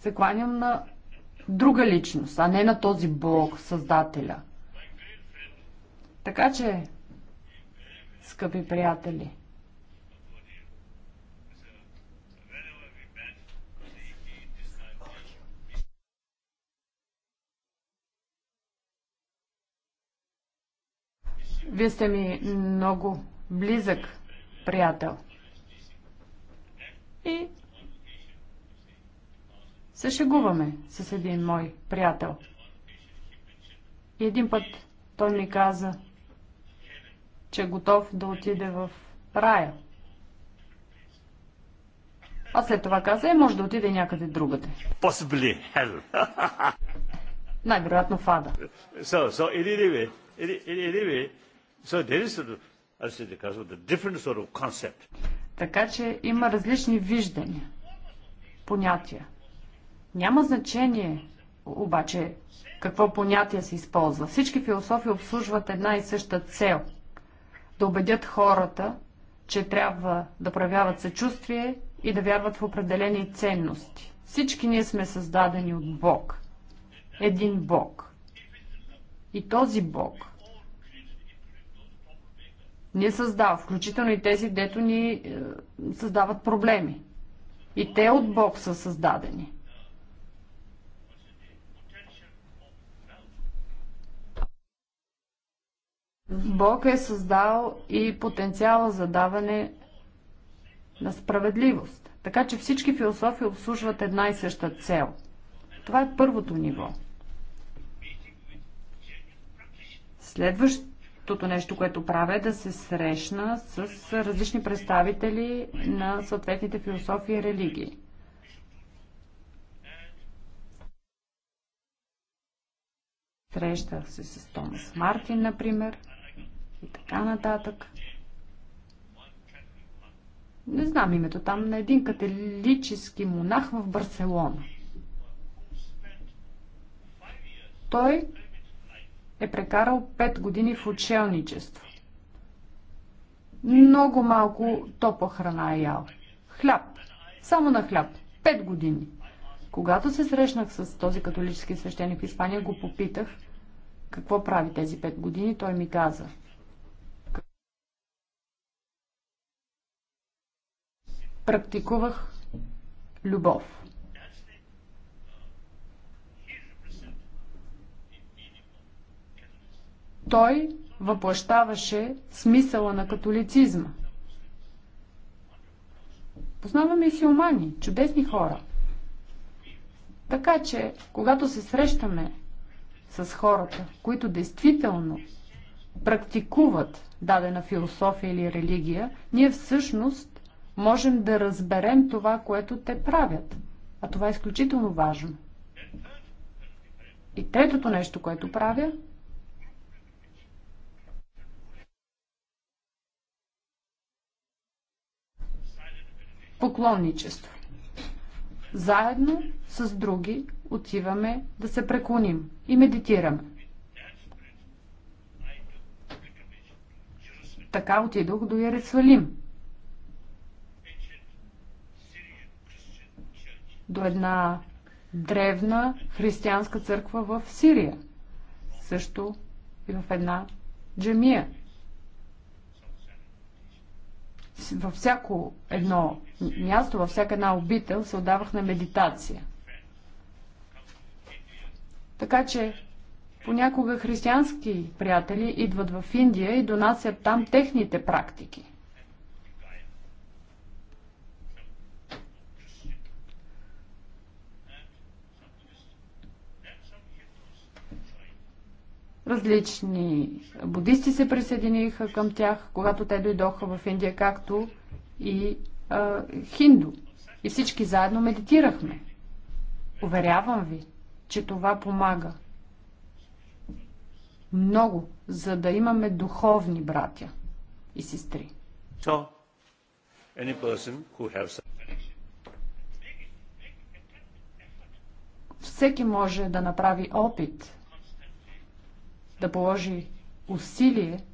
се кланям на друга личност, а не на този бог създателя. Така че, скъпи приятели, Вие сте ми много близък приятел. И се шегуваме с един мой приятел. И един път той ми каза, че е готов да отиде в рая. А след това каза, е, може да отиде някъде другаде. Possibly hell. <laughs> Най-вероятно в ада. So, so, anyway, anyway, so there is, аз the different sort of concept. Така че има различни виждания, понятия. Няма значение обаче какво понятие се използва. Всички философи обслужват една и съща цел – да убедят хората, че трябва да проявяват съчувствие и да вярват в определени ценности. Всички ние сме създадени от Бог. Един Бог. И този Бог ни е създава, включително и тези, дето ни е, създават проблеми. И те от Бог са създадени. Бог е създал и потенциала за даване на справедливост. Така че всички философи обслужват една и съща цел. Това е първото ниво. Следващото нещо, което правя е да се срещна с различни представители на съответните философии и религии. Срещах се с Томас Мартин, например и така нататък. Не знам името там на един католически монах в Барселона. Той е прекарал 5 години в учелничество. Много малко топа храна е ял. Хляб. Само на хляб. Пет години. Когато се срещнах с този католически свещеник в Испания, го попитах какво прави тези 5 години. Той ми каза – практикувах любов. Той въплащаваше смисъла на католицизма. Познаваме и силмани, чудесни хора. Така че, когато се срещаме с хората, които действително практикуват дадена философия или религия, ние всъщност можем да разберем това, което те правят. А това е изключително важно. И третото нещо, което правя, поклонничество. Заедно с други отиваме да се преклоним и медитираме. Така отидох до Яресалим. до една древна християнска църква в Сирия. Също и в една джемия. Във всяко едно място, във всяка една обител се отдавах на медитация. Така че понякога християнски приятели идват в Индия и донасят там техните практики – Различни будисти се присъединиха към тях, когато те дойдоха в Индия, както и а, хинду. И всички заедно медитирахме. Уверявам ви, че това помага. Много, за да имаме духовни братя и сестри. So, any person who has... Всеки може да направи опит да положи усилие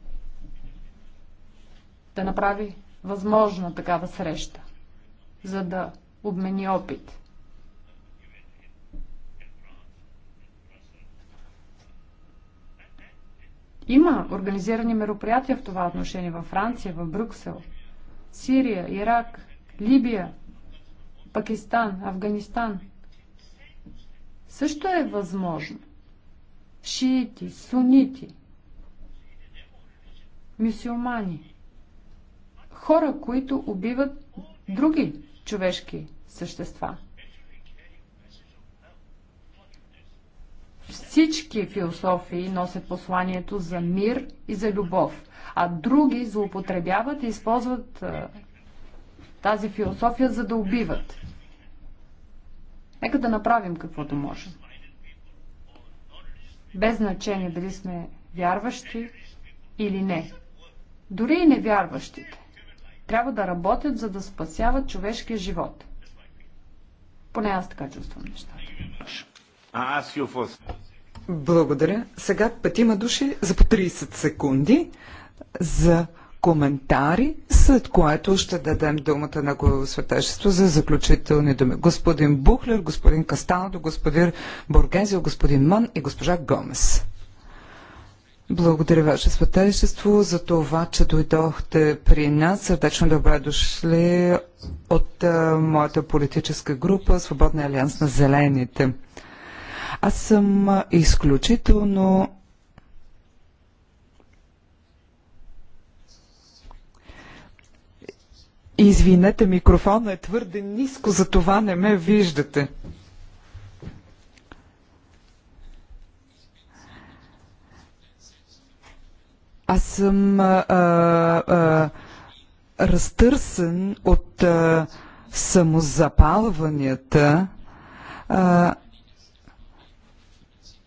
да направи възможна такава среща, за да обмени опит. Има организирани мероприятия в това отношение във Франция, в Брюксел, Сирия, Ирак, Либия, Пакистан, Афганистан. Също е възможно шиити, сунити, мюсюлмани, хора, които убиват други човешки същества. Всички философии носят посланието за мир и за любов, а други злоупотребяват и използват тази философия, за да убиват. Нека да направим каквото можем без значение дали сме вярващи или не. Дори и невярващите трябва да работят, за да спасяват човешкия живот. Поне аз така чувствам нещата. Благодаря. Сега петима души за по 30 секунди за коментари, след което ще дадем думата на го за заключителни думи. Господин Бухлер, господин Кастанадо, господин Боргензио, господин Мън и госпожа Гомес. Благодаря Ваше Светелищество за това, че дойдохте при нас. Сърдечно добре дошли от а, моята политическа група Свободна алианс на зелените. Аз съм изключително Извинете, микрофона е твърде ниско, за това не ме виждате. Аз съм а, а, разтърсен от а, самозапалванията. А,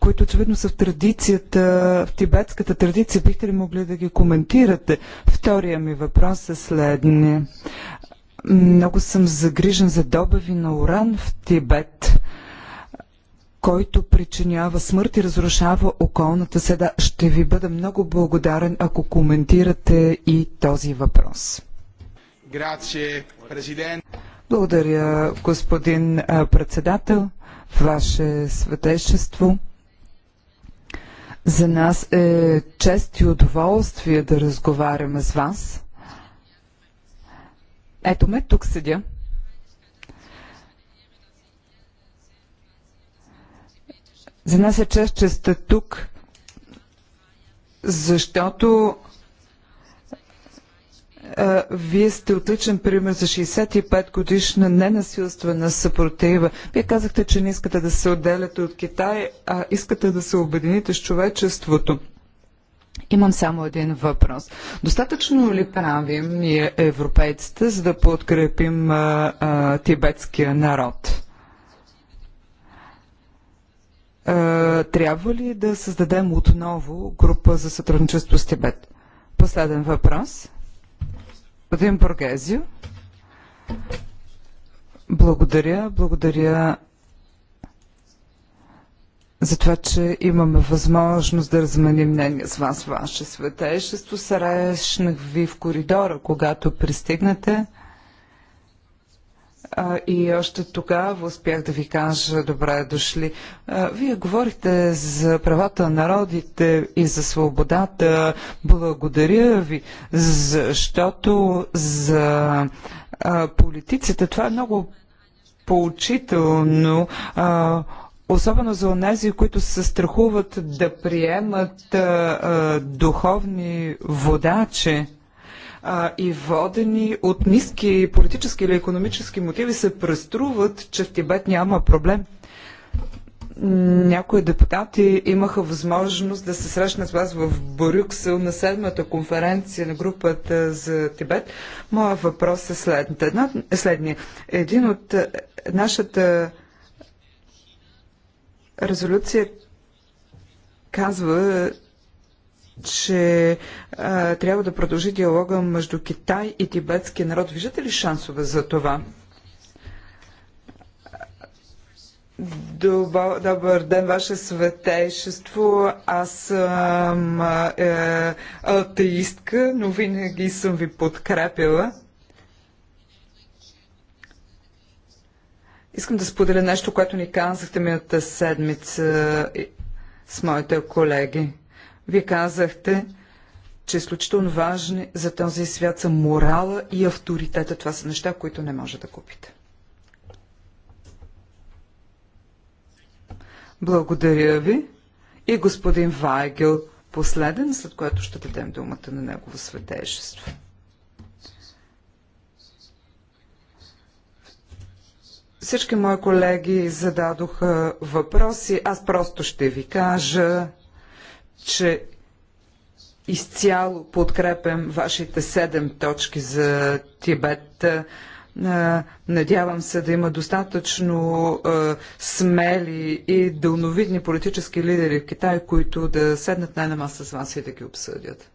които очевидно са в традицията, в тибетската традиция. Бихте ли могли да ги коментирате? Втория ми въпрос е следния. Много съм загрижен за добави на уран в Тибет който причинява смърт и разрушава околната седа. Ще ви бъда много благодарен, ако коментирате и този въпрос. Грация, президент. Благодаря, господин председател, ваше светещество. За нас е чест и удоволствие да разговаряме с вас. Ето ме, тук седя. За нас е чест, че сте тук, защото вие сте отличен пример за 65 годишна ненасилствена съпротива. Вие казахте, че не искате да се отделяте от Китай, а искате да се обедините с човечеството. Имам само един въпрос. Достатъчно ли правим ние европейците, за да подкрепим а, а, тибетския народ? А, трябва ли да създадем отново група за сътрудничество с Тибет? Последен въпрос. Господин Боргезио. Благодаря, благодаря за това, че имаме възможност да разменим мнение с вас, ваше светейшество. Срещнах ви в коридора, когато пристигнете. А, и още тогава успях да ви кажа добре дошли. А, вие говорите за правата на народите и за свободата. Благодаря ви, защото за а, политиците това е много поучително. А, особено за онези, които се страхуват да приемат а, а, духовни водачи а, и водени от ниски политически или економически мотиви се преструват, че в Тибет няма проблем. Някои депутати имаха възможност да се срещнат с вас в Брюксел на седмата конференция на групата за Тибет. Моя въпрос е следния. Е Един от е, нашата резолюция казва, че а, трябва да продължи диалога между Китай и тибетския народ. Виждате ли шансове за това? Добър, ден, Ваше Светейшество. Аз съм е, атеистка, но винаги съм ви подкрепила. Искам да споделя нещо, което ни казахте миналата седмица с моите колеги. Вие казахте, че изключително важни за този свят са морала и авторитета. Това са неща, които не може да купите. Благодаря ви. И господин Вайгел последен, след което ще дадем думата на негово светежество. Всички мои колеги зададоха въпроси. Аз просто ще ви кажа че изцяло подкрепям вашите седем точки за Тибет. Надявам се да има достатъчно смели и дълновидни политически лидери в Китай, които да седнат най-на маса с вас и да ги обсъдят.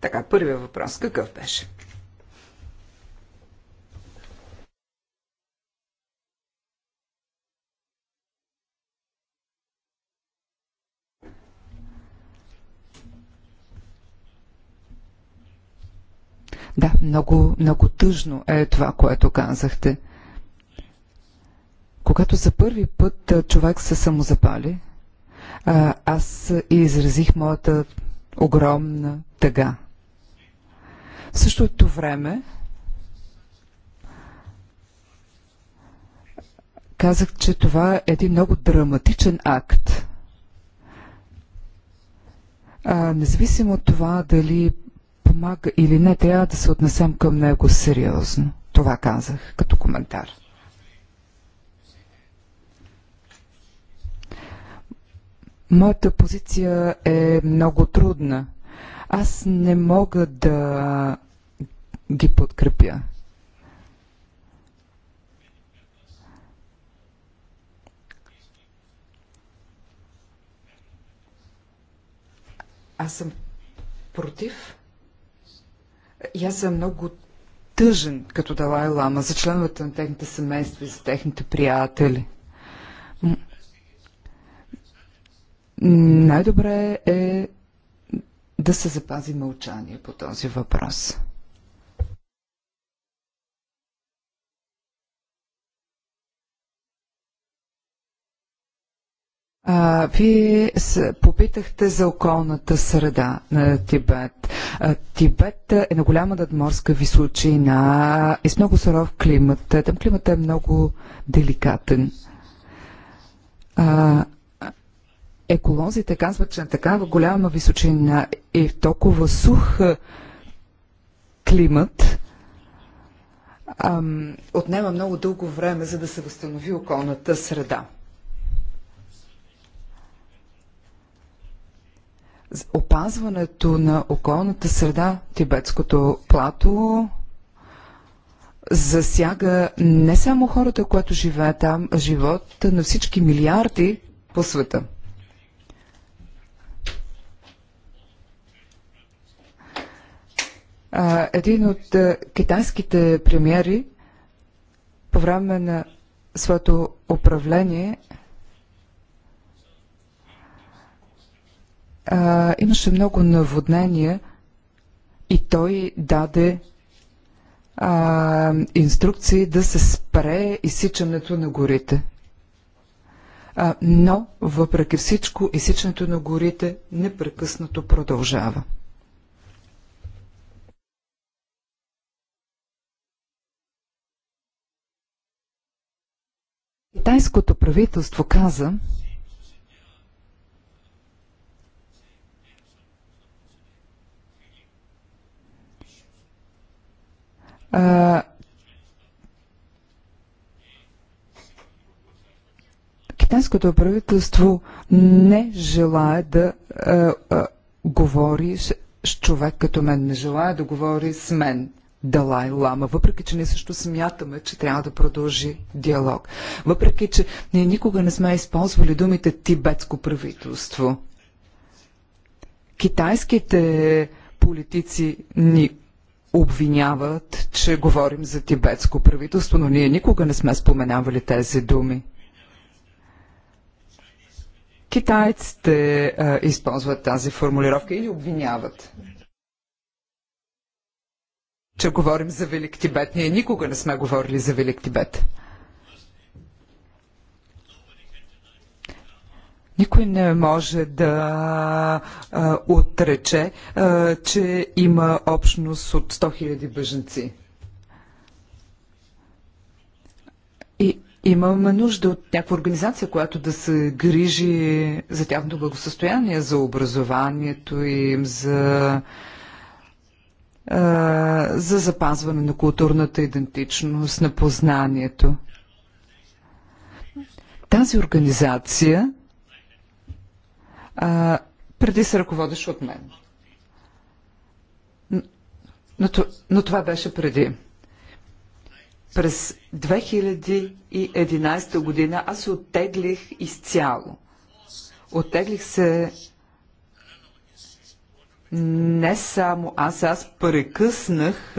Така, първият въпрос какъв беше? Да, много, много тъжно е това, което казахте. Когато за първи път човек се самозапали, аз изразих моята огромна тъга. В същото време казах, че това е един много драматичен акт. А, независимо от това дали помага или не, трябва да се отнесем към него сериозно. Това казах като коментар. Моята позиция е много трудна. Аз не мога да ги подкрепя. Аз съм против и аз съм много тъжен като Далай Лама за членовете на техните семейства и за техните приятели. Най-добре е да се запази мълчание по този въпрос. А, вие попитахте за околната среда на Тибет. А, Тибет е на голяма надморска височина и е с много суров климат. Там климата е много деликатен. А, еколозите казват, че е на такава голяма височина и в толкова сух климат ам, отнема много дълго време, за да се възстанови околната среда. опазването на околната среда, тибетското плато засяга не само хората, които живеят там, а живота на всички милиарди по света. Един от китайските премиери по време на своето управление – а, имаше много наводнения и той даде а, инструкции да се спре изсичането на горите. А, но, въпреки всичко, изсичането на горите непрекъснато продължава. Китайското правителство каза, китайското правителство не желая да а, а, говори с, с човек като мен, не желая да говори с мен. Далай Лама, въпреки че ние също смятаме, че трябва да продължи диалог. Въпреки, че ние никога не сме използвали думите тибетско правителство. Китайските политици ни обвиняват, че говорим за тибетско правителство, но ние никога не сме споменавали тези думи. Китайците а, използват тази формулировка или обвиняват, че говорим за Велик Тибет. Ние никога не сме говорили за Велик Тибет. Никой не може да а, отрече, а, че има общност от 100 000 бъженци. И имаме нужда от някаква организация, която да се грижи за тяхното благосъстояние, за образованието им, за за запазване на културната идентичност, на познанието. Тази организация а, преди се ръководиш от мен. Но, но това беше преди. През 2011 година аз се оттеглих изцяло. Оттеглих се не само аз, аз прекъснах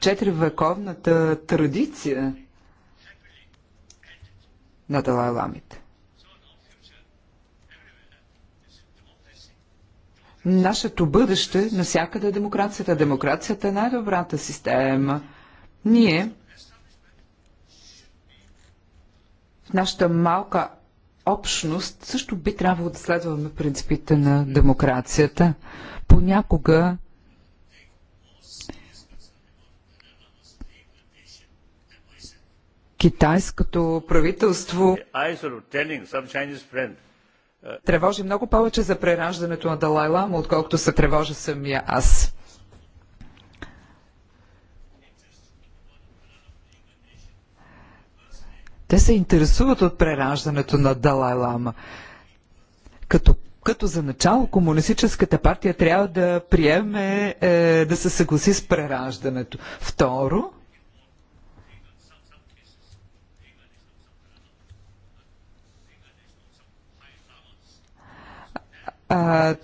четиривековната традиция на Далай Ламите. нашето бъдеще навсякъде е демокрацията. Демокрацията е най-добрата система. Ние в нашата малка общност също би трябвало да следваме принципите на демокрацията. Понякога китайското правителство тревожи много повече за прераждането на Далай Лама, отколкото се тревожа самия аз. Те се интересуват от прераждането на Далай Лама. Като като за начало Комунистическата партия трябва да приеме е, да се съгласи с прераждането. Второ, а,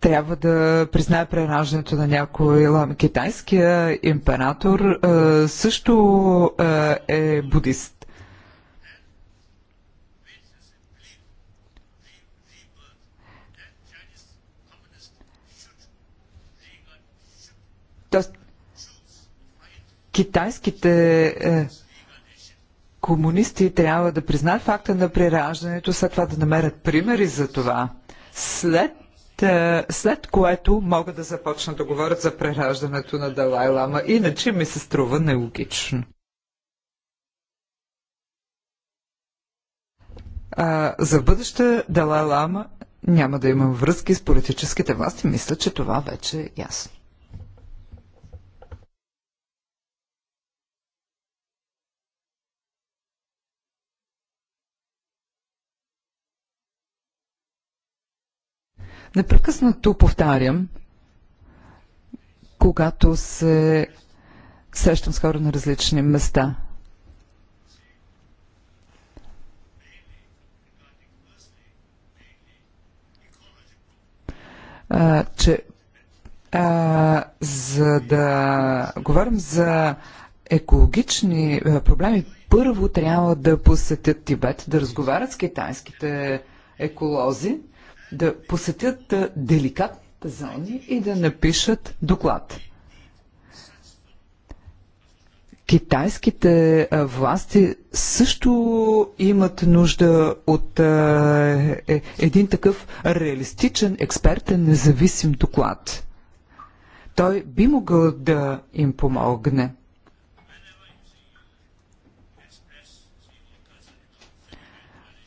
трябва да признае прераждането на някой лам. Китайския император а, също а, е будист. Тоест, китайските е, комунисти трябва да признаят факта на прираждането, след това да намерят примери за това след е, след което могат да започнат да говорят за прераждането на Далай Лама. Иначе ми се струва нелогично. А, за бъдеще Далай Лама няма да имам връзки с политическите власти. Мисля, че това вече е ясно. Непрекъснато повтарям, когато се срещам с хора на различни места. А, че а, за да говорим за екологични проблеми, първо трябва да посетят Тибет, да разговарят с китайските еколози, да посетят деликатните зони и да напишат доклад. Китайските власти също имат нужда от е, един такъв реалистичен, експертен, независим доклад. Той би могъл да им помогне.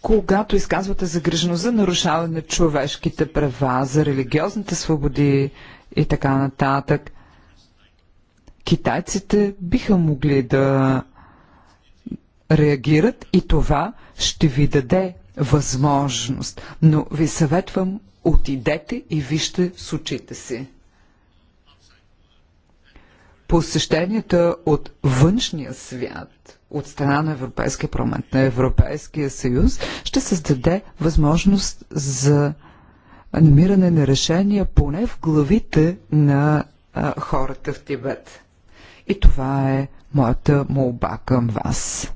когато изказвате загриженост за нарушаване на човешките права, за религиозните свободи и така нататък, китайците биха могли да реагират и това ще ви даде възможност. Но ви съветвам, отидете и вижте с очите си. Посещенията от външния свят от страна на Европейския парламент, на Европейския съюз, ще създаде възможност за намиране на решения поне в главите на а, хората в Тибет. И това е моята молба към вас.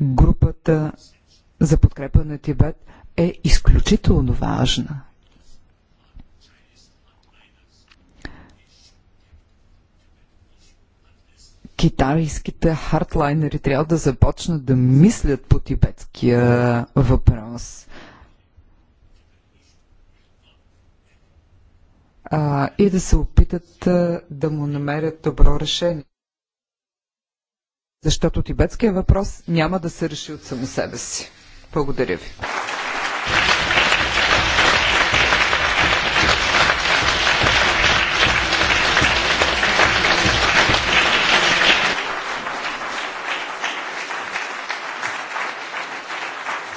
Групата за подкрепа на Тибет е изключително важна. китайските хардлайнери трябва да започнат да мислят по тибетския въпрос. а, и да се опитат а, да му намерят добро решение. Защото тибетския въпрос няма да се реши от само себе си. Благодаря ви.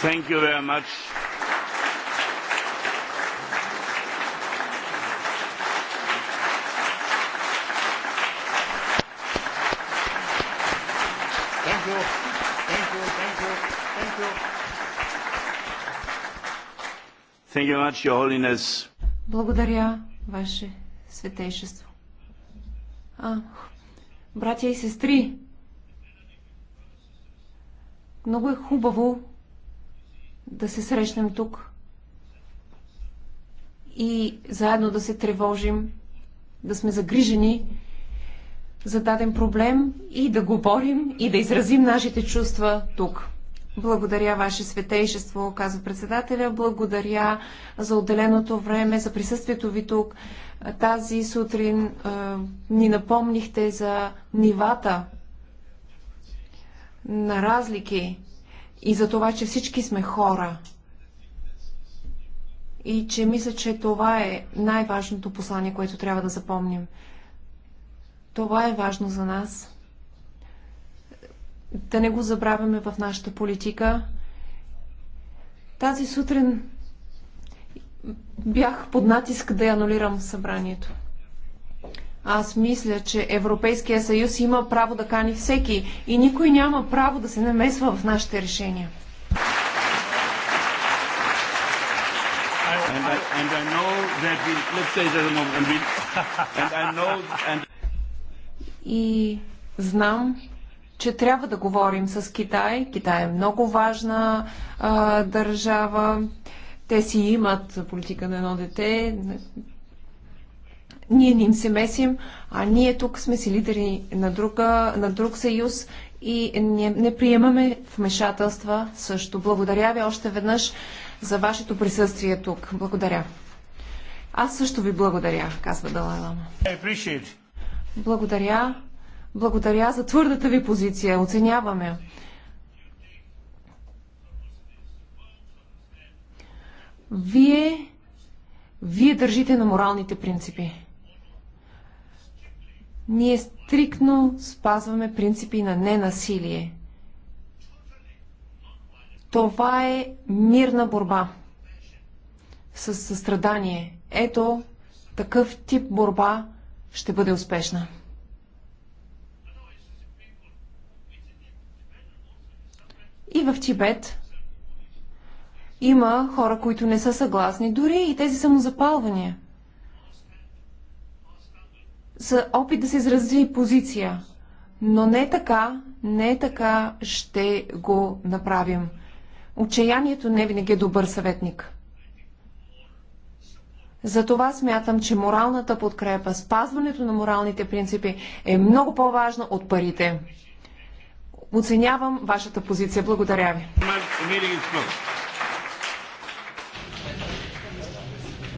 Thank you very much. Thank you. Thank you. Thank you. Thank you. Thank you much, Your Holiness. Благодаря, Ваше Светейшество. А, братя и сестри, много е хубаво да се срещнем тук и заедно да се тревожим, да сме загрижени за даден проблем и да го борим и да изразим нашите чувства тук. Благодаря, Ваше Светейшество, казва председателя. Благодаря за отделеното време, за присъствието Ви тук. Тази сутрин е, ни напомнихте за нивата на разлики и за това, че всички сме хора. И че мисля, че това е най-важното послание, което трябва да запомним. Това е важно за нас. Да не го забравяме в нашата политика. Тази сутрин бях под натиск да анулирам събранието. Аз мисля, че Европейския съюз има право да кани всеки и никой няма право да се намесва в нашите решения. И знам, че трябва да говорим с Китай. Китай е много важна а, държава. Те си имат политика на едно дете ние не им се месим, а ние тук сме си лидери на, друга, на друг съюз и не, не приемаме вмешателства също. Благодаря ви още веднъж за вашето присъствие тук. Благодаря. Аз също ви благодаря, казва Далайлама. Благодаря. Благодаря за твърдата ви позиция. Оценяваме. Вие, вие държите на моралните принципи ние стрикно спазваме принципи на ненасилие. Това е мирна борба с състрадание. Ето, такъв тип борба ще бъде успешна. И в Тибет има хора, които не са съгласни, дори и тези самозапалвания – са опит да се изрази позиция. Но не така, не така ще го направим. Отчаянието не винаги е добър съветник. Затова смятам, че моралната подкрепа, спазването на моралните принципи е много по-важно от парите. Оценявам вашата позиция. Благодаря ви.